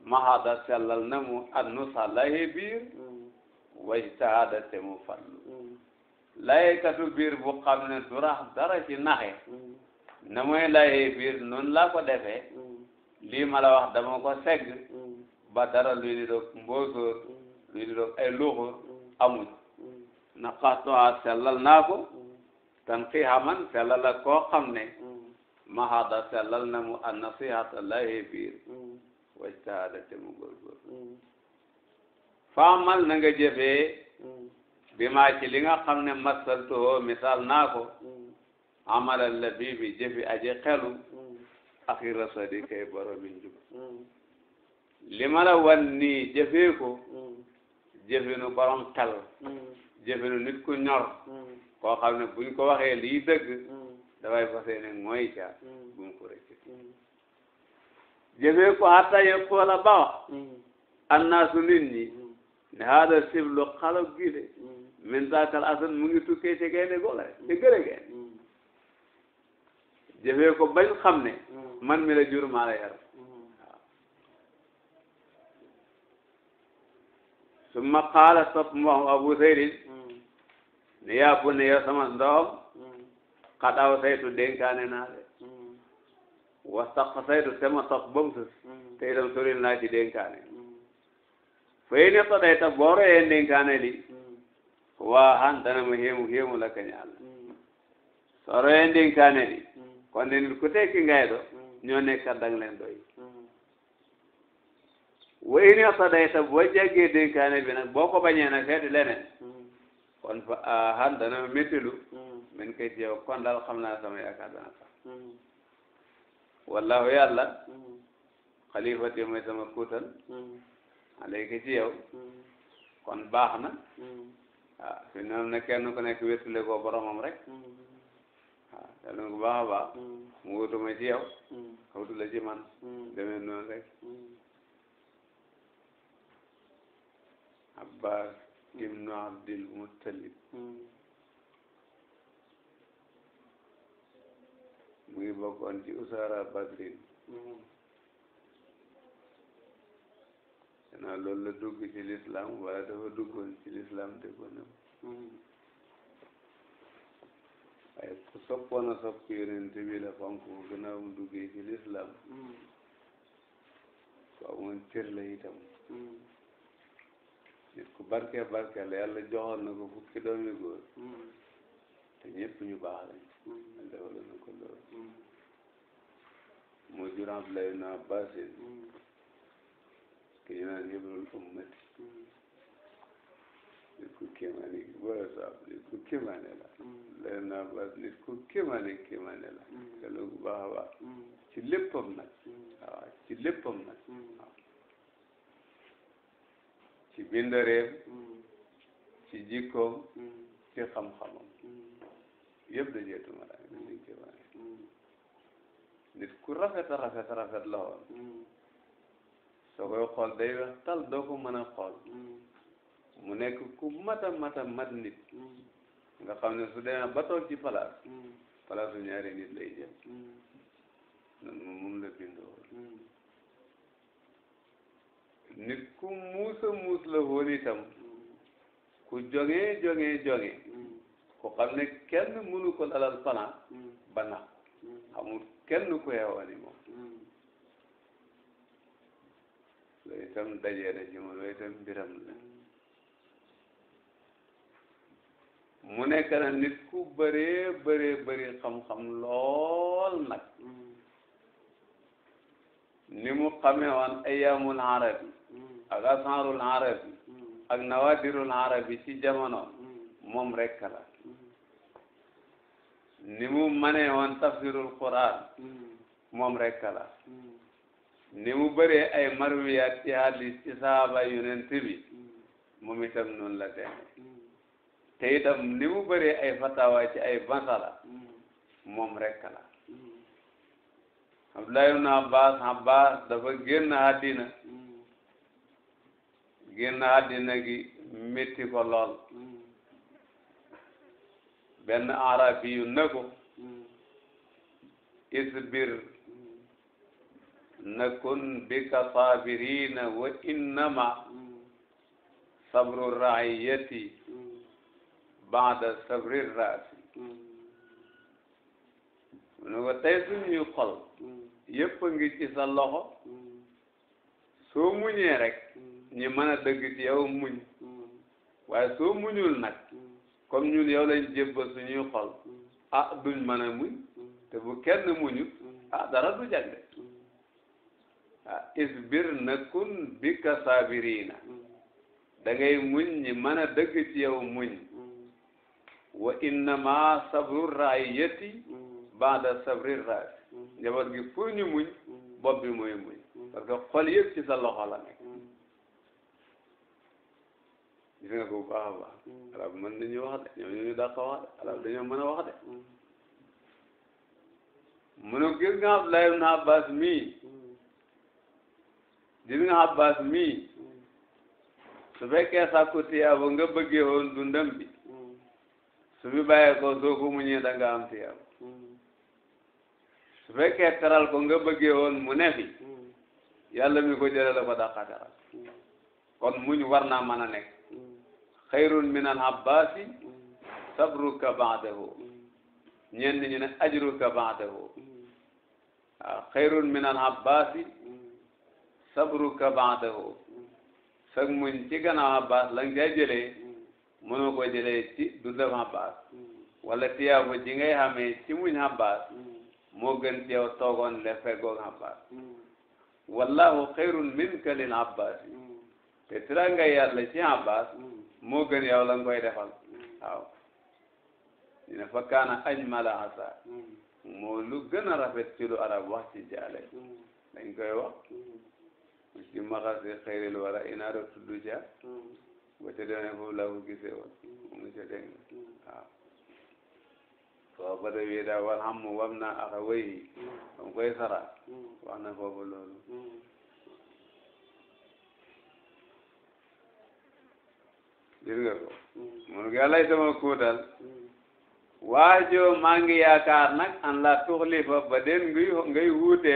mahada sellal na mu annusa laye biir mm. wajtahada te mu fallu mm. laykatu biir bu xam ne du rax dara ci naxe mm. na muy laye biir noonu laa ko defee lii ma la wax dama ko segg ba dara luy di doog mbóosóor luy di doog ay luuxóor amul na xaatuha sellal naa ko tan xii sellal la koo xam ne mahada sellal na mu annasihata laye biir wajtaada te mu góorgóorlu mm. faamal na nga jëfee mm. bi maa ci li nga xam ne masaltuhoo misaal naa ko mm. amalal la bii bi jëfi aji xelu axira sadi kay boromi njub li ma la wan nii jëfee ko jëfinu borom xel jëfinu nit ku ñor koo xam ne buñ ko waxee lii dëgg dafay fas yéene mooy ca bu ko rëcc jëfee ko hatta yaqoola bawa mm. annaasu nit ñi mm. ne haada siblu xalo gi mm. min zaakal asan mu ngi tukkee ci gaynde gola ci gëre gaynde jëfee ko bañ xam ne man mi la jur maa la yar summa qaala topp abu seydin ne yaa bu ne yow sama ndoom xadaw saytu dénkaane naa de wastaq saytu sama sax ba mu sës mm-hmm. te itam soril naa ci dénkaane mm-hmm. fay ne sa day ta booro yee dénkaane li mm-hmm. waa han dana ma héemu héemu la kañaal soro yee dénkaane li kon nit ku tekki ngay do ñoo nekk kat dang leen doy way ne sa day ta boo jàggee dénkaane bi nag boo ko bañee nag seeti leneen kon fa ah, han dana ma méttilu min kay teew kon daal xam naa sama yaakaar dana sax wallahu yàlla mm-hmm. xalifati mooy sama kuutal mm-hmm. alayka ci yow mm-hmm. kon baax na waaw ah, fi noonu ne kenn ku nekk wéttule koo rek waaw ah, yàlla na ko baax a baax la ci man demee noonu rek abbas ibnu abdil muttalib mu ngi bokkoon ci usaara badrin mm-hmm. xanaa loolu la dugg ci lislam wala duggoon ci lislam te ko nëbb mm-hmm. waaye ku soppoon a sopp yonent bi la fonk ko gannaaw mu duggee ci lislam mm-hmm. ku amoon cër la itam nit ku barke barke la yàlla joxoon na ko fukki doomi góor te ñëpp ñu baax lañ dawla na ko lool na Abbasin ki ñu naan hibrul ummati nit ku kéemaane wala sax nit ku kéemaane la Abdulaay na Abbas nit ku kéemaane kéemaane la te loolu bu baax a baax ci léppam nag waaw ci léppam nag waaw ci bindareem ci jikkoom ci xam-xamam yëpp dajee tumuraanke liñ ci nit ku rafet a rafet rafet la woon soo koy xool day wex tal doo ko mën a xool mu nekk ku mata mata mat nit nga xam ne su demee ci palaas palaasu ñaari nit lay jëm noonu moom moom la nit ku muusa muus la woon itam ku jongee jongee jongee ku xam ne kenn mënu ko dalal fanaan mm. ba nax xamul mm. kenn ku yeewoo ni moom mm. loolu itam dajee na ci moom loolu itam mbiram la mu nekk na nit ku bëree bëree bëri xam-xam lool nag ni mu xamee woon ayaamul arabi ak asaarul arabi ak nawaadirul arabi ci jamono moom rekk la ni mu manee woon tafsirul quran hmm. moom rek la hmm. ni mu bëree ay marwiyat ci hadis ci saaba yonent bi hmm. moom itam noonu la demee te itam ni mu bëree ay fatawa ci ay masala moom rek la Abdullah ibn Abbas Abbas dafa génn àddina génn àddina gi métti ko lool benn arabi yu ne ko hmm. isbir hmm. nakun bika sabirina wa innama hmm. sabru raiyati baada sabri raasi mu ne suñuy xol yépp ngi ci sa loxo soo muñee ñi mën a dëgg yow muñ waaye soo muñul nag comme ñun yow lañ jébbal suñuy xol ah duñ mën a muñ te bu kenn muñu ah dara du jag de ah bika sabirina da ngay muñ ñi mën a dëgg ci yow muñ wa innama sabru raayati baada sabri raay njaboot gi pour ñu muñ bopp bi mooy muñ parce que ci sa loxo la gis nga ko bu baax a baax mm. arab mën nañu wax de ñoom ñu dàq wax de arab dañoo mën a wax de mm. mu ne gis nga Abdullah ibn Abbas mii mm. gis nga Abbas mii su fekkee sàkku tiyaaba nga bëggee woon dundam bi su bi bàyyee ko soo ko muñee da nga am tiyaaba su fekkee teral ko nga bëggee woon mu ne fi yàlla mi ko jëlee la ko dàqa teral kon muñ war naa mën a nekk xayrun min al abbasi sabruka baadahu ñenn ñu ne ajruka baadahu waaw xayrun min al abbasi sabruka baadahu sag muñ ci gannaaw abbas la nga jëlee mënoo ko jëlee ci dundam abbas ci muñ abbas moo gën ci toogoon le feggoog abbas wallahu xayrun minka lil abbasi te tira nga yàlla ci abbas moo gën yow la nga koy defal waaw ñu ne fa kaana ajmala asa moo lu gën a rafet ci lu arab wax ci jaale dañ koy wax mu ci maxasi xayril wara inaara tudd ca ba ca demee foofu laa ko gisee woon mu ca dégg waaw soo ba da wii daa wal xam mu wam naa axawayhi ba mu koy sara wax na foofu loolu gis nga ko mun nga lay sama kuutal waajoo maa ngi yaakaar nag an la tuxlifa ba den ngay ngay wuute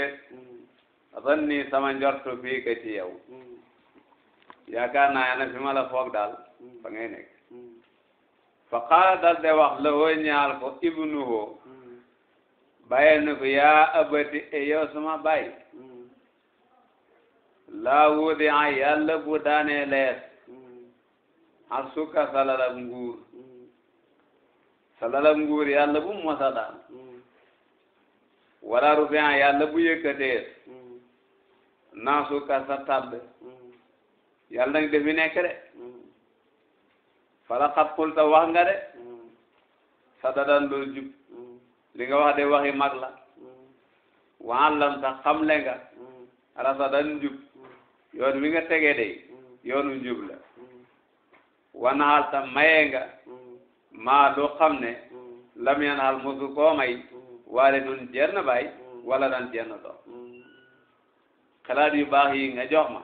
zan ni sama njortu bii ka ci yow yaakaar naa yana fi ma la foog daal fa ngay nekk dal de wax la woo ñaal ko ibnu hoo bàyyi ko yaa abati e yow sama bàyyi mm. laa wuudi a yàlla bu daanee lees al suka salalam nguur salalam nguur yàlla bu mu masa daan wala rufian yàlla bu yëkkatees naa suka sa tabbe yàlla nag defi nekk de fala xat xulta wax nga de sa dadan loolu jub nga wax de waxi mag la waan lam sax xamle nga rasa dan jub yoon wi nga la wanaxal tam maye nga maa mm. loo xam ne mm. lam yanaxal mosu koo may mm. waale dun jenn baay wala daan jenn doom xalaat yu baax yi nga jox ma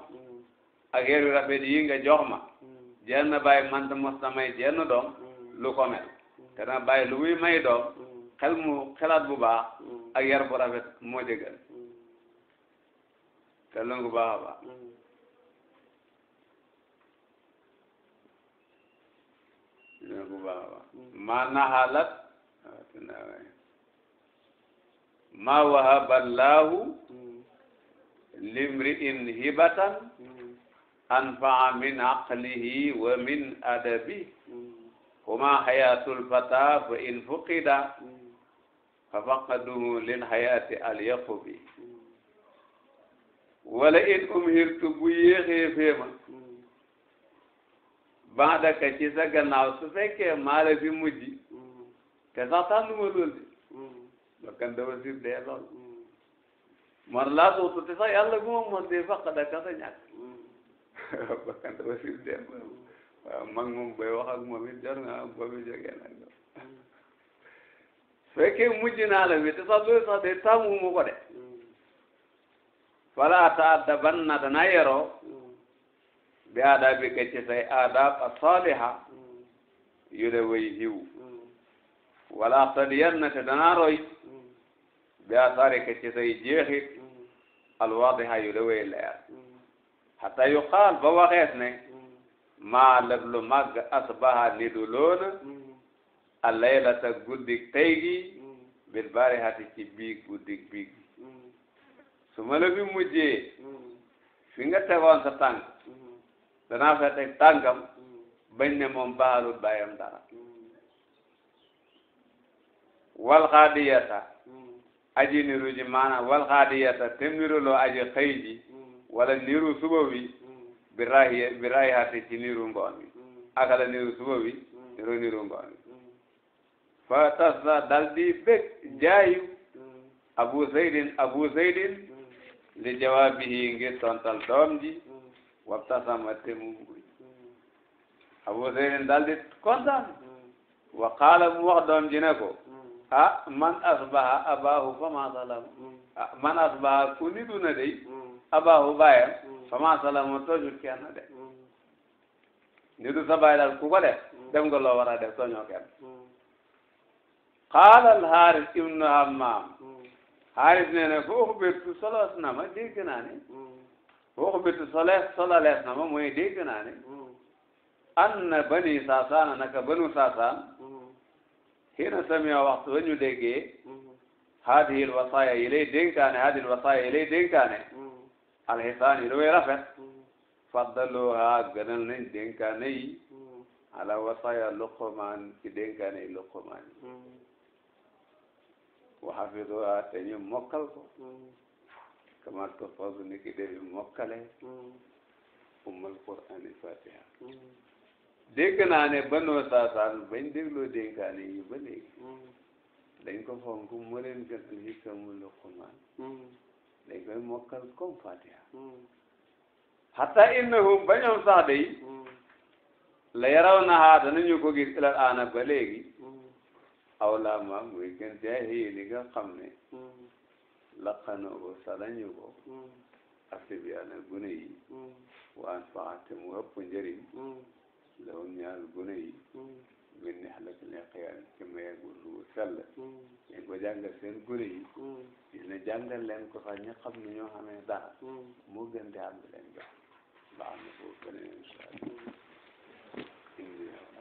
ak yar yu rafet yi nga jox ma jenn baay man mos na may jenn doom lu ko mel na baay lu muy may doom xel mu xelaat bu baax ak yar bu rafet moo jëgal te lungu baax a baax dina ko baax a baax maa naxalat maa wahaballaahu limri in hibatan anfaa min aqlihi wa min adabi wama hayatul fata fa in fuqida fa faqaduhu lin hayati alyaqubi wala in umhirtu bu yéexee féema ban daka ci sa gannaaw su fekkee maala fi mujj te sax tànn ma lool de bakkan dafa sib dee lool man laa suutu te sax yàlla bu ma mën dee faq daka sa ñàkk bakkan dafa sib dee waaw mag moom bay wax ak moom it nga am boobu jógee nag su fekkee mujj naa la bi te sax loolu sax de tàmmu mu ko de fala ta addaban na danaa yeroo bi aadaabi ka ci say aadaab asaliha yu de way hiw wala aqtadiyanna te danaa roy bi asaari ka ci say jeexit alwaadiha yu de way leer hatta yu xaal ba waxees ne maa lëb lu màgg ni du loona allaylata guddik tey gi bil baari hati ci biig guddik biig su ma la fi mujjee fi nga tegoon sa danaa fa teg tànkam bañ ne moom baaxalul bàyyam dara wal xaadiyata aji niru ji maanaam wal xaadiyata aji xëy wala niru suba wi bi rahiye bi rahiyati ci akala niru suba wi niru niru ngoon wi fa tasa dal di bég jaayu abu zaydin abu zaydin li jawaabihi ngir tontal doom ji wabtasama te mu muuñ Abu Zaydin daal di kontaan wa mu wax doom ji ne ko ah man asbaha abahu fama salam ah man asbaha ku ni duna dey abahu baayam fama salama tooñul kenn de ni du sa baay daal ku ko def dem nga loo war a def tooñoo kenn ibnu Hammaam Haaris nee na ko solos na ma dégg naa ne waxu bitu solees sololees na ma mooy dégg naa ne an na bani saasaana banu saasaan xiina samia waxtu ba ñu déggee haadihil wasaaya yi lay dénkaane haadihil wasaaya yi lay dénkaane alxisaan yi lu muy rafet faddalooha gënal nañ dénkaane yi ala wasaaya luqumaan ci dénkaane yi luqumaan yi wa xafiduha te ñu mokkal ko kamaa toppaasu ni ki defi mokkale mm. ummal qur'ani fatiha mm. dégg naa ne banoo saasaan bañ dégloo dénkaane yi ba léegi mm. dañ ko fonk moo leen gën al hikkamu luqmaan dañ koy mokkal comme fatiha hatta innahum ba ñoom sax day la yaraw na haa danañu ko gis ilal aana ba léegi aw laa ma muy gën jaahi ni nga xam ne laqanuhu salañu ko asibiyaana gune yi waan faxate mu ëpp njëriñ lawum ñaar gune yi min neexlak leqyaan ci maye gu lu sell ñu ko jàngal seen gune yi gis ne jàngal leen ko sax ñu xam ne ñoo xamee dara moo gën di am leen jox ba am na foofu beneen incha allah